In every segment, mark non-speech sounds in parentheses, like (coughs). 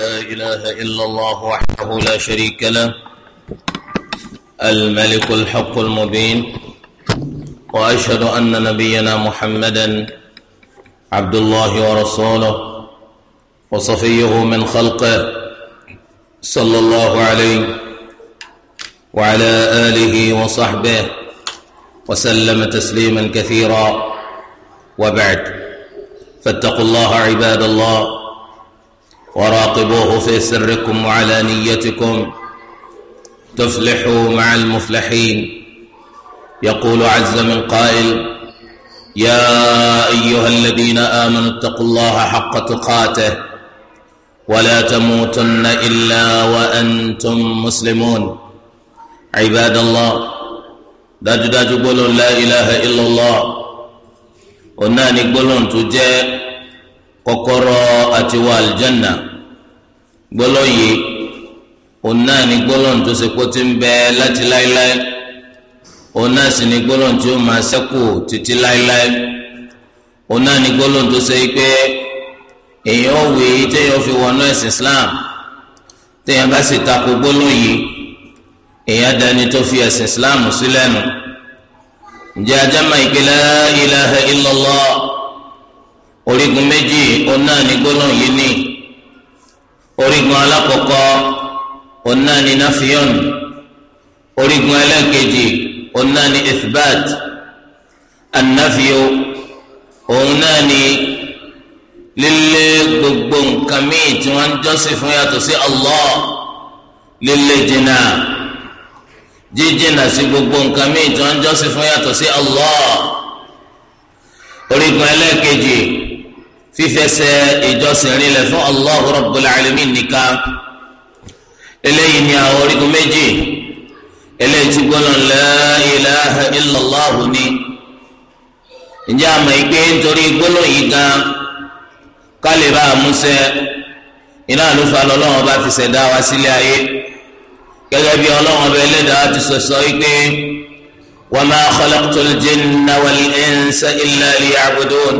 لا إله إلا الله وحده لا شريك له الملك الحق المبين وأشهد أن نبينا محمدا عبد الله ورسوله وصفيه من خلقه صلى الله عليه وعلى آله وصحبه وسلم تسليما كثيرا وبعد فاتقوا الله عباد الله وراقبوه في سركم وعلانيتكم تفلحوا مع المفلحين يقول عز من قائل يا ايها الذين امنوا اتقوا الله حق تقاته ولا تموتن الا وانتم مسلمون عباد الله dájúdájú gbólóhùn la لا إله إلا الله gbólóhùn tó jẹ́ kọ́kọ́rọ́ àti wọ aljanna gbọ́lọ́ yìí òun náà ní gbọ́lọ́ tó ṣe kó ti ń bẹ láti láéláé òun náà sì ní gbọ́lọ́ tí ó máa ṣẹ́kù títí láéláé òun náà ní gbọ́lọ́ tó ṣe pé èèyàn ò wí téèyàn fi wọnú ẹ̀sìn Islam téèyàn bá sì takò gbọ́lọ́ yìí èèyàn dání tó fi ẹ̀sìn Islam sílẹ̀ nù ǹjẹ́ ajá máa ìpìlẹ̀ ilaha illallah orígun méjì ọ̀nà ni gbólóhùn yìí ní orígun alákọ̀ọ́kọ́ ọ̀nà ni nafiyun orígun ẹlẹ́ẹ̀kejì ọ̀nà ni ithbat anafiyo òun náà ni lílé gbogbo nǹkan míì tí wọ́n ń jọ́sìn fún yàtọ̀ sí Allah lílé jìnnà jíjìnnà sí gbogbo nǹkan míì tí wọ́n ń jọ́sìn fún yàtọ̀ sí Allah orígun ẹlẹ́ẹ̀kejì fífẹsẹ̀ ìjọsìn rinlẹ̀ fún Allahu Rabbul Alamin nìkan eléyìí ni àwọn orígun méjì eléyìí tí gbọ́dọ̀ la ilaha illallah ni ǹjẹ́ àmọ́ ìgbé nítorí gbọ́dọ̀ yìí gan kálíbà àmúṣẹ iná àlùfáà lọ́lọ́wọ́n bá fi ṣẹ̀dá wa sílé ayé gẹ́gẹ́ bí ọlọ́wọ́n bẹ lẹ́dàá ti sọ̀sọ́ wípé wa ma khalaqtul jinna wal insa illa liya'budun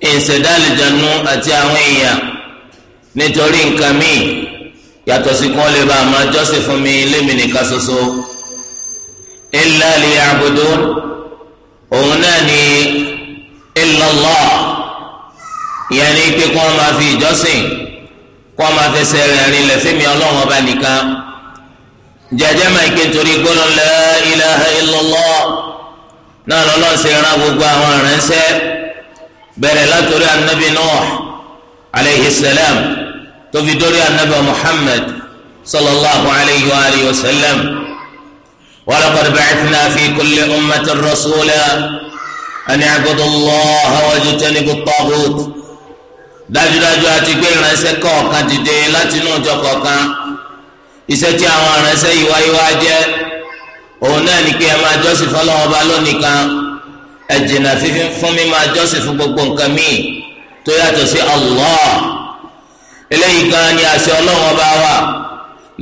ìṣẹ̀dálẹ̀jánu àti àwọn èèyàn nítorí nǹkan míì yàtọ̀ sí kí wọ́n lè bá a máa jọ́sìn fún mi lémi nìkan ṣoṣo illa liya'budun òun náà ni illallah ìyẹn ní pé kí wọ́n máa fi ìjọ́sìn kí wọ́n máa fẹsẹ̀ rẹ̀ rinlẹ̀ fẹ́mi ọlọ́run ọba nìkan jẹjẹ máa ké torí gbọ́dọ̀ la ilaha illallah náà lọ́lọ́sẹ̀ rán gbogbo àwọn aránṣẹ́ bẹ̀rẹ̀ látòrí anabi nuh alayhi salam tó fi dórí anabi muhammad sallallahu alayhi wa alihi wa sallam wa laqad ba'athna fi kulli ummatin rasula an i'budu allaha wajtanibu at-taghut dájúdájú àti gbé ìránṣẹ́ kọ̀ọ̀kan dìde láti inú ọjọ́ kọ̀ọ̀kan iṣẹ́ tí àwọn ìránṣẹ́ yìí wáyé wá jẹ́ òun náà ní pé ẹ máa jọ́sìn fọlọ́wọ́n lónìí kan ẹ̀jìnà fífi fún mi máa jọ́sìn fún gbogbo nǹkan míì tó yàtọ̀ sí Allah eléyìí gan ni àṣẹ ọlọ́run ọba wa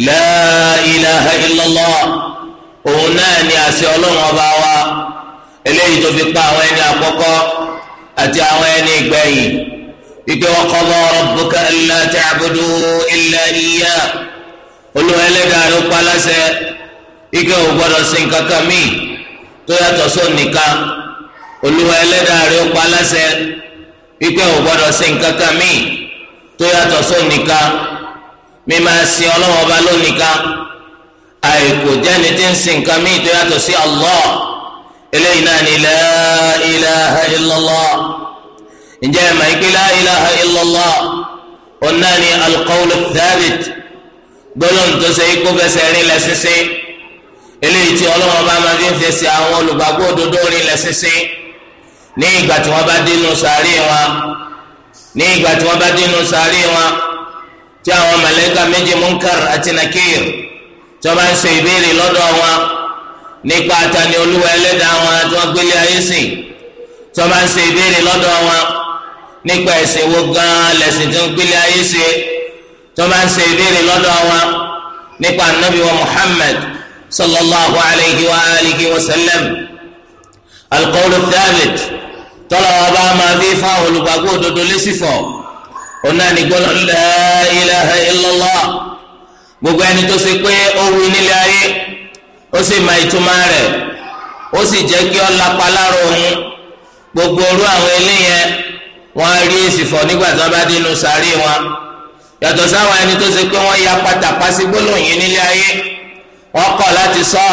la ilaha illallah òun náà ni àṣẹ ọlọ́run ọba wa eléyìí tó fi pa àwọn ẹni àkọ́kọ́ àti àwọn ẹni ìgbẹ̀yìn ike wa qada rabbuka alla ta'budu illa iya olùwà ẹlẹ́dàá ló pa láṣẹ ike ò gbọ́dọ̀ sí nǹkan kan míì tó yàtọ̀ sóun nìkan olúwa ẹlẹ́dàá rẹ̀ ó pa láṣẹ wípé ò gbọ́dọ̀ ṣe nǹkan kan míì tó yàtọ̀ sónìka mi máa sin ọlọ́wọ́ ọba lónìka àìkò jẹ́ni tí ń sin nǹkan míì tó yàtọ̀ sí Allah eléyìí náà ni la ilaha illallah ǹjẹ́ ẹ̀ máa ń pè la ilaha illallah ọ̀nà ni alqawlu tó ṣe ikú fẹsẹ̀ rìn lẹ́sísìn eléyìí tí ọlọ́wọ́ ọba máa fi ń fẹsẹ̀ àwọn olùgbàgbọ́ òdodo rìn lẹ́sísìn ní ìgbà tí wọ́n bá dénú sàárè wọn ní ìgbà tí wọ́n bá dénú sàárè wọn tí àwọn màláíkà méjì munkar àti nakir tí wọ́n bá ń ṣe ìbéèrè lọ́dọ̀ wọn nípa àtàní olúwa ẹlẹ́dàá wọn tí wọ́n gbélé ayé sìn tí wọ́n bá ń ṣe ìbéèrè lọ́dọ̀ wọn nípa ẹ̀sìn wo gan lẹ̀sìn tí wọ́n gbélé ayé sìn tí wọ́n bá ń ṣe ìbéèrè lọ́dọ̀ wọn nípa anabi wa muhammad sallallahu alayhi wa alihi wa sallam alqawlu thabit tọ́lá wa bá máa fi fáwọn olùgbàgbọ́ òdodo lẹ́sìfọ̀ ọ̀nà nìgbọ́nà la ilaha illallah gbogbo ẹni tó ṣe pé ó wí nílé ayé ó sì máa ìtumá rẹ̀ ó sì jẹ́ kí ó lápá lára òun gbogbo orú àwọn eléyẹn wọ́n á rí èsìfọ̀ nígbà tí wọ́n bá dínú sàárè wọn yàtọ̀ sáwọn ẹni tó ṣe pé wọ́n ya pátápá sí nílé ayé wọ́n kọ̀ láti sọ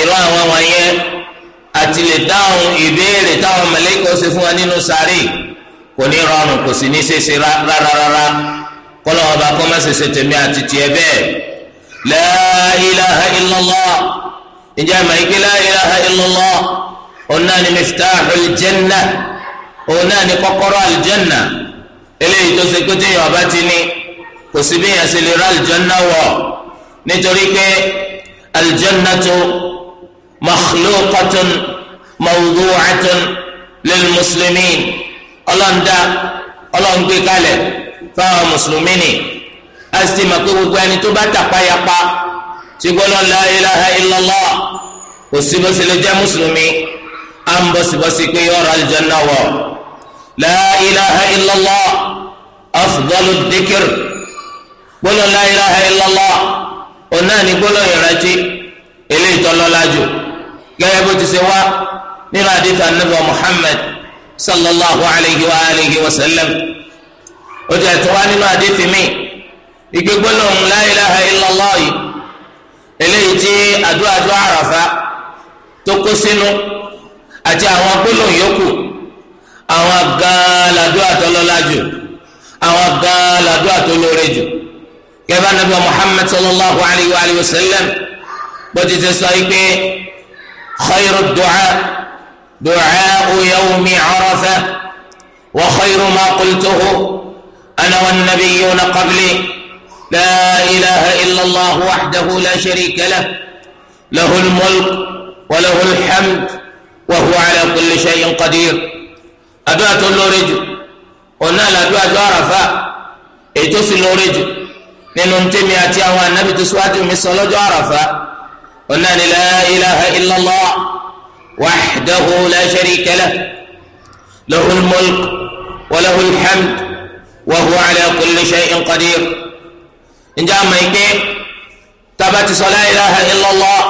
ìlú àwọn wọ̀nyẹn àti lè dáhùn ìbéèrè táwọn mẹlẹ́kọ̀ ṣe fún wa nínú sáré kò ní rọrùn kò sì ní ṣeéṣe rárárárá kọ́lọ́wọ́ bá kọ́ máa ṣẹṣẹ tèmi àti tiẹ̀ bẹ́ẹ̀ la ilaha ìjà màáké la ilaha òun náà ni miftahul jannah òun náà ni kọ́kọ́rọ́ aljanna eléyìí tó ṣe pété yìí ọba ti ní kò sí bí yẹn ṣe lè ra aljanna wọ̀ nítorí pé aljannatu makhluqatun mawdu'atun lilmuslimin ọlọ́ndà ọlọ́ngbé kalẹ̀ fáwọn mùsùlùmí ni a sì máa pé gbogbo ẹni tó bá tàpáyapa tí gbọ́dọ̀ la ilaha illallah kò síbòsí lè jẹ́ mùsùlùmí à ń bọ̀sibọ̀sí pé yọ̀ọ̀rọ̀ aljanna wọ̀ la ilaha illallah afdalu dhikr gbọ́dọ̀ la ilaha illallah ọ̀nà ni gbọ́dọ̀ yọ̀rọ̀ ti eléyìí tó lọ́lá jù gẹ́gẹ́ bó ti ṣe wá nínú àdìtà nàbà Muhammad sallallahu alayhi wa alayhi wa sallam ó ti àti wá nínú àdìtì mi ìgbégbó lòun la ilaha illallah yìí eléyìí tí àdúrà àdúrà àràfà tó kó sínú àti àwọn gbólóhùn yòókù àwọn gan làdúrà àwọn gan làdúrà gẹ́gẹ́ bá nàbà Muhammad sallallahu alayhi wa alayhi wa sallam bó ti ṣe sọ pé khayru du'a du'a yawmi arafa wa khayru ma qultuhu ana wa nabiyyuna qabli la ilaha illallah wahdahu la sharika lah lahul mulk wa lahul hamd wa huwa ala kulli shay'in qadir àdúrà tó lóore jù ọ̀nà àdúrà tó àràfà èyí tó sì lóore jù nínú ntẹ́mi àti àwọn ànábì tó mi sọ lọ́jọ́ àràfà. قلنا لا إله إلا الله وحده لا شريك له له الملك وله الحمد وهو على كل شيء قدير إن جاء ميكي تبت صلاة إله إلا الله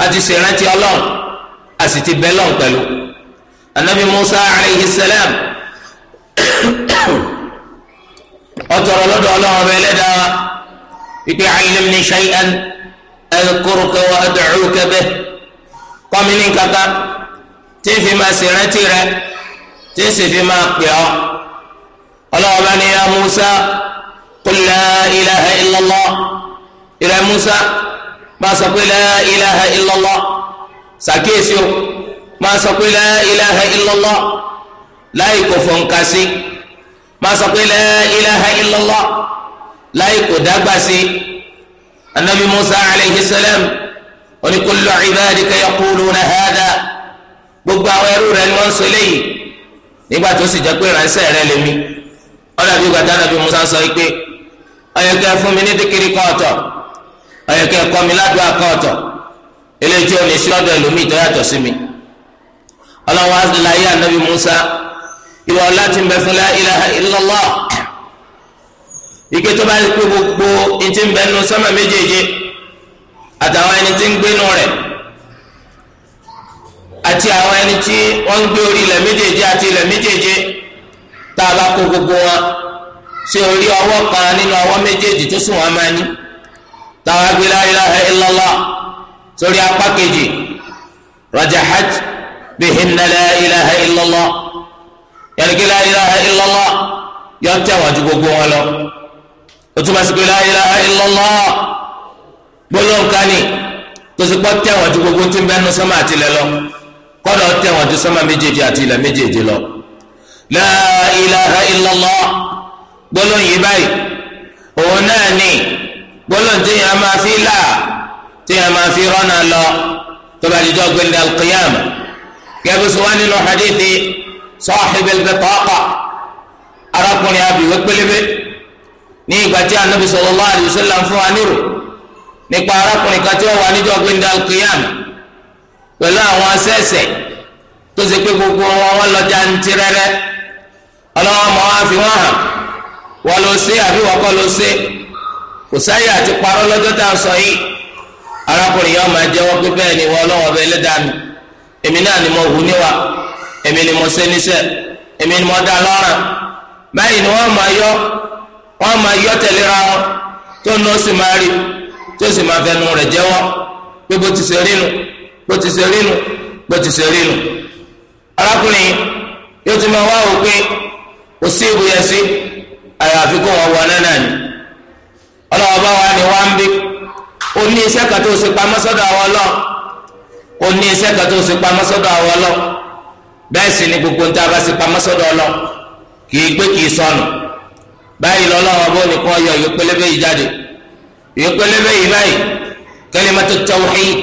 أتي سيرتي الله أسيتي بلون قالوا النبي موسى عليه السلام أترى لدى الله بلدى يقول علمني شيئا ẹ̀kúrúkẹ́ wa ẹ̀dọ̀rúkẹ́ bẹ́ kọ́mi ní kankan tí n fi máa ṣe rántí rẹ tí n sì fi máa pè ọ́ ọlọ́wọ́ bá ní ya Musa qul la ilaha illallah ìrẹ Musa máa sọ pé la ilaha illallah sàkíyèsí o máa sọ pé la ilaha illallah láì kò fọ̀nkà sí máa sọ pé la ilaha illallah láì kò dágbà sí anabi musa alayhi salam oní kullu ibadika yaquluna hadha gbogbo àwọn ẹrú rẹ ni wọ́n sọ eléyìí nígbà tó sì jẹ́ pé ránṣẹ́ rẹ lèmi ọlọ́bí gbàtà anabi musa sọ pé ọ̀yẹ̀kẹ́ fún mi ní dìkìrì kan ọ̀tọ̀ ọ̀yẹ̀kẹ́ kọ́ mi ládùúgbà kan ọ̀tọ̀ eléyìí tí o ní sí ọ̀dọ̀ ẹlòmíì tó yàtọ̀ sí mi ọlọ́wọ́ azìláyé anabi musa ìwọ láti ń bẹ fún la ilaha illallah ike tó bá rí pé gbogbo etí ń bẹ nu sánmà méjèèjì àtàwọn ẹni tí ń gbénu rẹ̀ àti àwọn ẹni tí wọ́n ń gbé orí ilẹ̀ méjèèjì àti ilẹ̀ méjèèjì tá a bá kó gbogbo wọn sí orí ọwọ́ kan nínú ọwọ́ méjèèjì tó sùn wọn máa ní táwọn gbé la ilaha illallah sórí apá kejì rajahat bihinna la ilaha illallah yẹnìkí la ilaha illallah yọ tẹ̀wọ̀n ju gbogbo wọn lọ o tún bá sì pé la ilaha illallah gbólóhùn kání tó sì pọ́ tẹ̀wọ̀n ju gbogbo tí ń bẹ́nu sọ́mà àti ilẹ̀ lọ kọ́dọ̀ tẹ̀wọ̀n ju sọ́mà méjèèjì àti ilẹ̀ méjèèjì lọ la ilaha illallah gbólóhùn yìí báyìí òun náà ni gbólóhùn tí yẹn máa fi là tí yẹn máa fi rọ́nà lọ tó bá dijọ́ gbẹ̀ndẹ̀ alqiyama gẹ́gẹ́ sọ wá nínú hadithi sahib al-bitaqa arákùnrin abiwé ní ìgbà tí anabi sallallahu alaihi wasallam fún wa nírò nípa arákùnrin kan tí ó wà níjọ́ gbẹndà alqiyam pẹ̀lú àwọn asẹsẹ tó ṣe pé gbogbo wọn wọn lọ jantí rẹrẹ ọlọ́wọ́ mọ́ wá fi wọ́n hàn wọ́n ló ṣe àbí wọ́n kọ́ ló ṣe kò sáyé àti parọ́ lọ́jọ́ tá a sọ yìí arákùnrin yẹn máa jẹ́wọ́ pé bẹ́ẹ̀ ni wọ́n ọlọ́wọ́ bẹ́ẹ̀ lé dànù èmi náà ni mo hù níwà èmi ni mo ṣe níṣẹ́ èmi ni mo dá lọ́rùn báyìí ni wọ́n máa yọ wọn máa yọ tẹ̀léra wọn tó ní ó sì máa rí tó sì máa fẹnu rẹ̀ jẹ́wọ́ pé bó ti ṣe rí nu bó ti ṣe rí bó ti ṣe yóò ti máa wá òpin kò sí sí àyàfi kó wọn wọ nánà ni ọlọ́wọ́ bá wà ní wá ń bí ní iṣẹ́ kan tó ṣe pamọ́ sọ́dọ̀ àwọn ọlọ́ ni gbogbo ń bá ṣe pamọ́ báyìí lọ́lọ́wọ́ bó ní kó yọ ìwé pélébé yìí jáde ìwé pélébé yìí báyìí kalimatu tawhid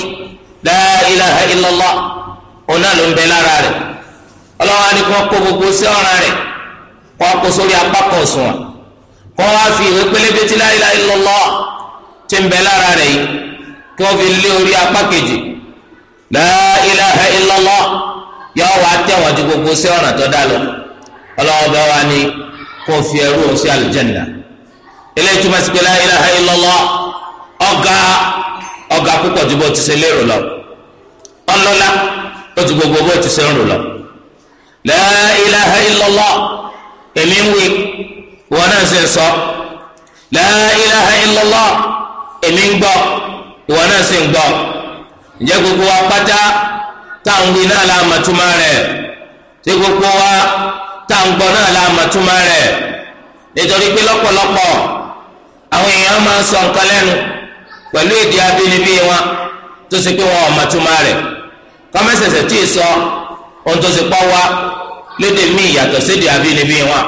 la ilaha illallah ọ̀nà ló ń bẹ lára rẹ̀ ọlọ́wọ́ ni kó kó gbogbo sí ọ̀ràn rẹ̀ kó kó sórí apá kan sùn wọn kó wá fi ìwé tí la ilaha illallah ti ń bẹ lára rẹ̀ yìí kí fi lé orí apá kejì la ilaha illallah yọ wá tẹ̀wọ̀n ju gbogbo sí ọ̀ràn tó dá lọ ọlọ́wọ́ bẹ́ẹ̀ wá ní. kó fi ẹrú sí aljanna eléyìí túmọ̀ sí pé la ilaha illallah ọ̀gá ọ̀gá púpọ̀ ju bó ti ṣe lérò lọ ọlọ́lá ó ti gbogbo bó ti ṣe ń rò lọ la ilaha illallah èmi ń wí wọn náà sì ń sọ èmi wa pátá táwọn wí náà la tá à ń gbọ́ náà la túmọ̀ rẹ̀ nítorí pé lọ́pọ̀lọpọ̀ àwọn èèyàn máa ń sọ nǹkan lẹ́nu pẹ̀lú èdè abínibí wọn tó ṣe pé wọn ò mọ̀ túmọ̀ rẹ̀ kọ́mẹ́sẹ̀sẹ̀ tí ì sọ ohun tó ṣe pọ̀ wá lédè míì yàtọ̀ sédè abínibí wọn.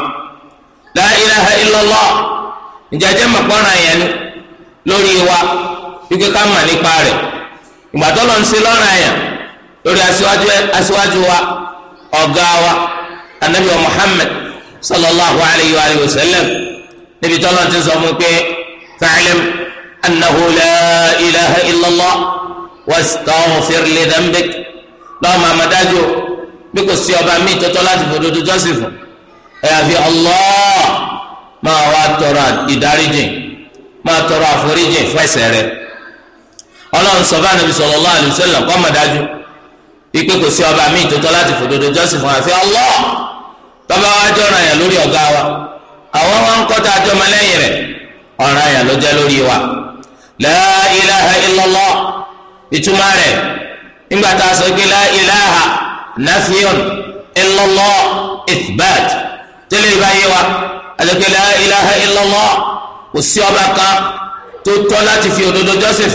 la ìjàjẹ́ yẹn ni lórí anabi wa muhammad sallallahu alayhi wa sallam níbi tí ọlọ́run ti sọ fún pé fa'lam annahu la ilaha illallah wastaghfir li dhanbik lọ́wọ́ máa ma dájú bí kò sí ọba míì tó tọ́ láti fòdodo jọ́sìn fún ẹ̀yàfi allah máa wá tọrọ ìdáríjì máa tọrọ àforíjì fún ẹ̀ṣẹ̀ rẹ̀ ọlọ́run sọ fún sallallahu alayhi wa sallam kọ́ máa dájú bí kò sí ọba míì tó tọ́ láti fòdodo jọ́sìn fún allah bàbá wa jẹ́ ọ̀ràn yẹn lórí ọ̀gá wa àwọn wa ń kọ́ tá a jọ ọmọ lẹ́yìn rẹ̀ ọ̀ràn yẹn ló jẹ́ lórí wa la ilaha illallah ìtumá rẹ̀ nígbà tá a sọ pé la ilaha nafiyun illallah ithbat tẹ́lẹ̀ ìbáyé wa àdèkè la ilaha illallah kò sí ọba kan tó tọ́ láti fi òdodo jọ́sìn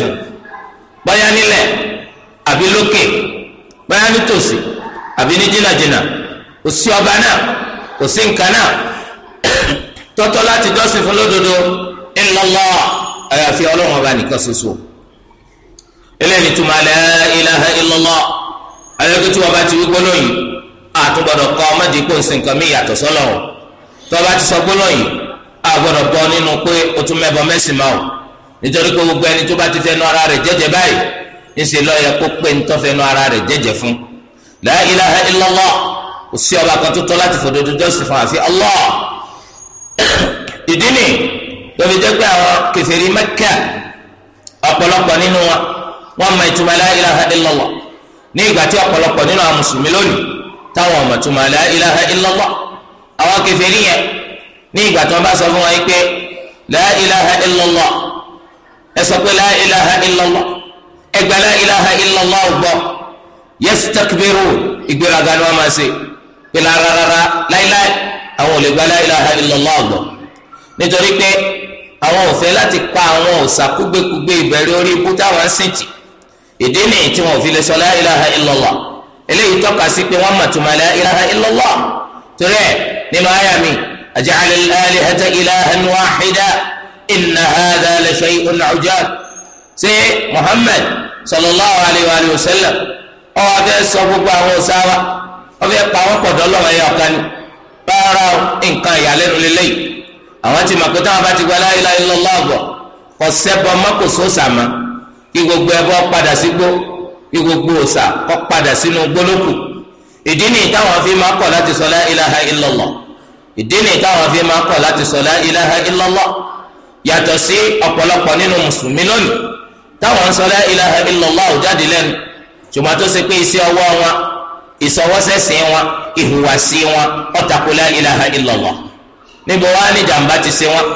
fún nílẹ̀ àbí lókè báyà nítòsí àbí ní jìnnàjìnnà kò sí ọba náà kò sí nǹkan náà (coughs) tọ́tọ́ láti jọ́sìn fún lódodo illallah àyàfi ọlọ́run ọba nìkan ṣoṣo eléyìí tó máa la ilaha illallah ayọ́kẹ́tù ọba ti wí gbólóyìn àtúgbọ̀dọ̀ kọ́ ọmọdé kó ń sin nǹkan mí yàtọ̀ sọ́lọ̀ o tọ́ba ti sọ gbólóyìn àgbọ̀dọ̀ bọ́ nínú pé o tún mẹ́bọ mẹ́sìn máa o nítorí pé gbogbo ẹni tó bá ti fẹ́ ara rẹ̀ jẹ́jẹ́ báyìí ń ṣe kó pé ń ara rẹ̀ jẹ́jẹ́ fún la ilaha illallah kò sí ọba kan tó tọ́ láti fòdodo jọ́sìn fún àfi Allah ìdí ni lórí jẹ́ pé àwọn kèfèrí Mẹ́kà ọ̀pọ̀lọpọ̀ nínú wa wọ́n mọ ìtumọ̀ la ilaha illallah ní ìgbà tí ọ̀pọ̀lọpọ̀ nínú àwọn mùsùlùmí lónìí táwọn ọmọ ìtumọ̀ la ilaha illallah àwọn kèfèrí yẹn ní ìgbà tí wọ́n bá sọ fún wa pé la ilaha ẹ sọ pé la ilaha ẹgbẹ́ la pé rárára láíláí àwọn ò lè gba la ilaha illallah ọ̀gbọ̀ nítorí pé àwọn ò fẹ́ láti pa àwọn òòṣà kúgbékúgbé ìbẹ̀rẹ̀ orí ibú táwọn ń sìn tì ìdí nìyí tí wọn ò fi lè sọ la ilaha illallah eléyìí tọ́ka sí pé wọ́n mọ̀túnmọ̀ la ilaha illallah torí ẹ̀ nínú àyà mi aj'ala al-alihata ilahan wahida inna hadha wá ọbẹ̀ pa wọ́n pọ̀ dọ́lọ́wọ́ ẹ̀yà ọ̀kan ni rárá nǹkan ìyàlẹ́nu lélẹ́yìí àwọn ti mọ̀ pé táwọn bá ti gba la ilaha illallah ọ̀gbọ̀ kò sẹ́bọ̀ mọ́kòsó sàmà kí gbogbo ẹbọ padà sí gbó kí gbogbo òòsà padà sínú gbólókù ìdí nìyí táwọn fi máa kọ̀ láti sọ la ilaha illallah ìdí nìyí táwọn fi máa kọ̀ láti sọ la ilaha illallah yàtọ̀ sí ọ̀pọ̀lọpọ̀ nínú mùsùlùmí lónìí táwọn sọ la ilaha illallah ò lẹ́nu ṣùgbọ́n tó ṣe pé iṣẹ́ ọwọ́ wọn ìsọwọ́sẹ̀sìn wọn ìhùwàsí wọn ọ̀tàkùlá ilaha illallah níbo wá ní jàǹbá ti ṣe wọn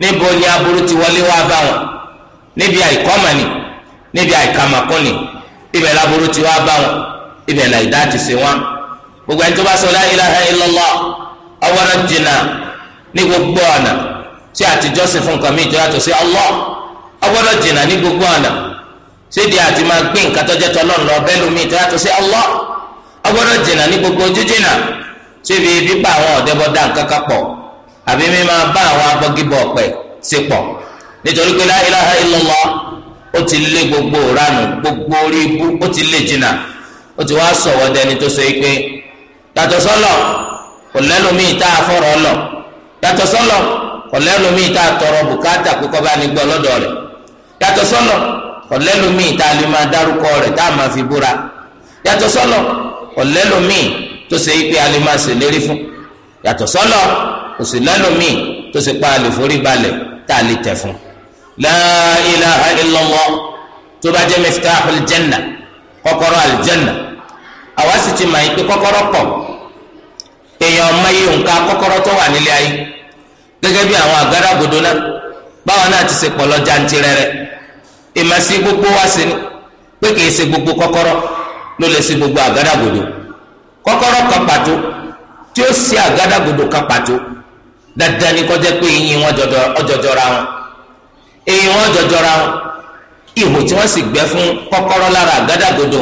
níbo ni aburú ti wọlé wá bá wọn níbi àìkọ́mọ̀nì níbi àìkàmàkùnì ibẹ̀ laburú ti wá bá wọn ibẹ̀ ti ṣe wọn gbogbo ẹni tó bá sọ ọwọ́rọ̀ jìnnà ní gbogbo ọ̀nà tí àtijọ́ fún nǹkan mi ìjọ yàtọ̀ sí jìnnà ní gbogbo ọ̀nà àti máa gbé nǹkan tó ọgbọdọ jìnnà ní gbogbo ojú jìnnà síbi bíbá àwọn ọ̀dẹ́bọ̀dá nǹkan kan pọ̀ àbí bá àwọn abọ́gibọ̀ ọ̀pẹ̀ sí pọ̀ nítorí pé la ilaha ó ti lé gbogbo ránù gbogbo orí ó ti lé jìnnà ó ti wá sọ̀wọ́ dẹni tó so yàtọ̀ sọ́lọ̀ kò yàtọ̀ sọ́lọ̀ kò tọrọ bùkátà gbọ́ lọ́dọ̀ rẹ̀ yàtọ̀ sọ́lọ̀ kò lè máa dárúkọ rẹ̀ tá a máa fi búra yàtọ̀ sọ́lọ̀ ọ̀lẹ́lòmíì tó ṣe pé a lè máa ṣe lérí fún yàtọ̀ sọ́lọ̀ kò sì lẹ́lòmíì tó ṣe pa a lè forí balẹ̀ tá a lè tẹ̀ fún. la ilaha illallah tó bá jẹ́ miftahul janna kọ́kọ́rọ́ aljanna àwa sì ti mọ̀ yìí pé kọ́kọ́rọ́ pọ̀ èèyàn ọmọ yìí nǹkan kọ́kọ́rọ́ tó wà nílé ayé gẹ́gẹ́ bí àwọn àgádágodo náà báwọn náà ti ṣe pọ̀ lọ jantirẹrẹ ìmọ̀ sí gbogbo wa sí ni pé kì ṣe gbogbo kọ́kọ́rọ́ ló lè gbogbo agadagodo kɔkɔrɔ ka tí ó ṣe àgádágodo kan pàtó dandan ni jẹ́ pé eyín wọn ọjọjọra wọn eyín wọn ọjọjọra wọn ihò tí wọ́n sì fún kọ́kọ́rọ́ lára àgádágodo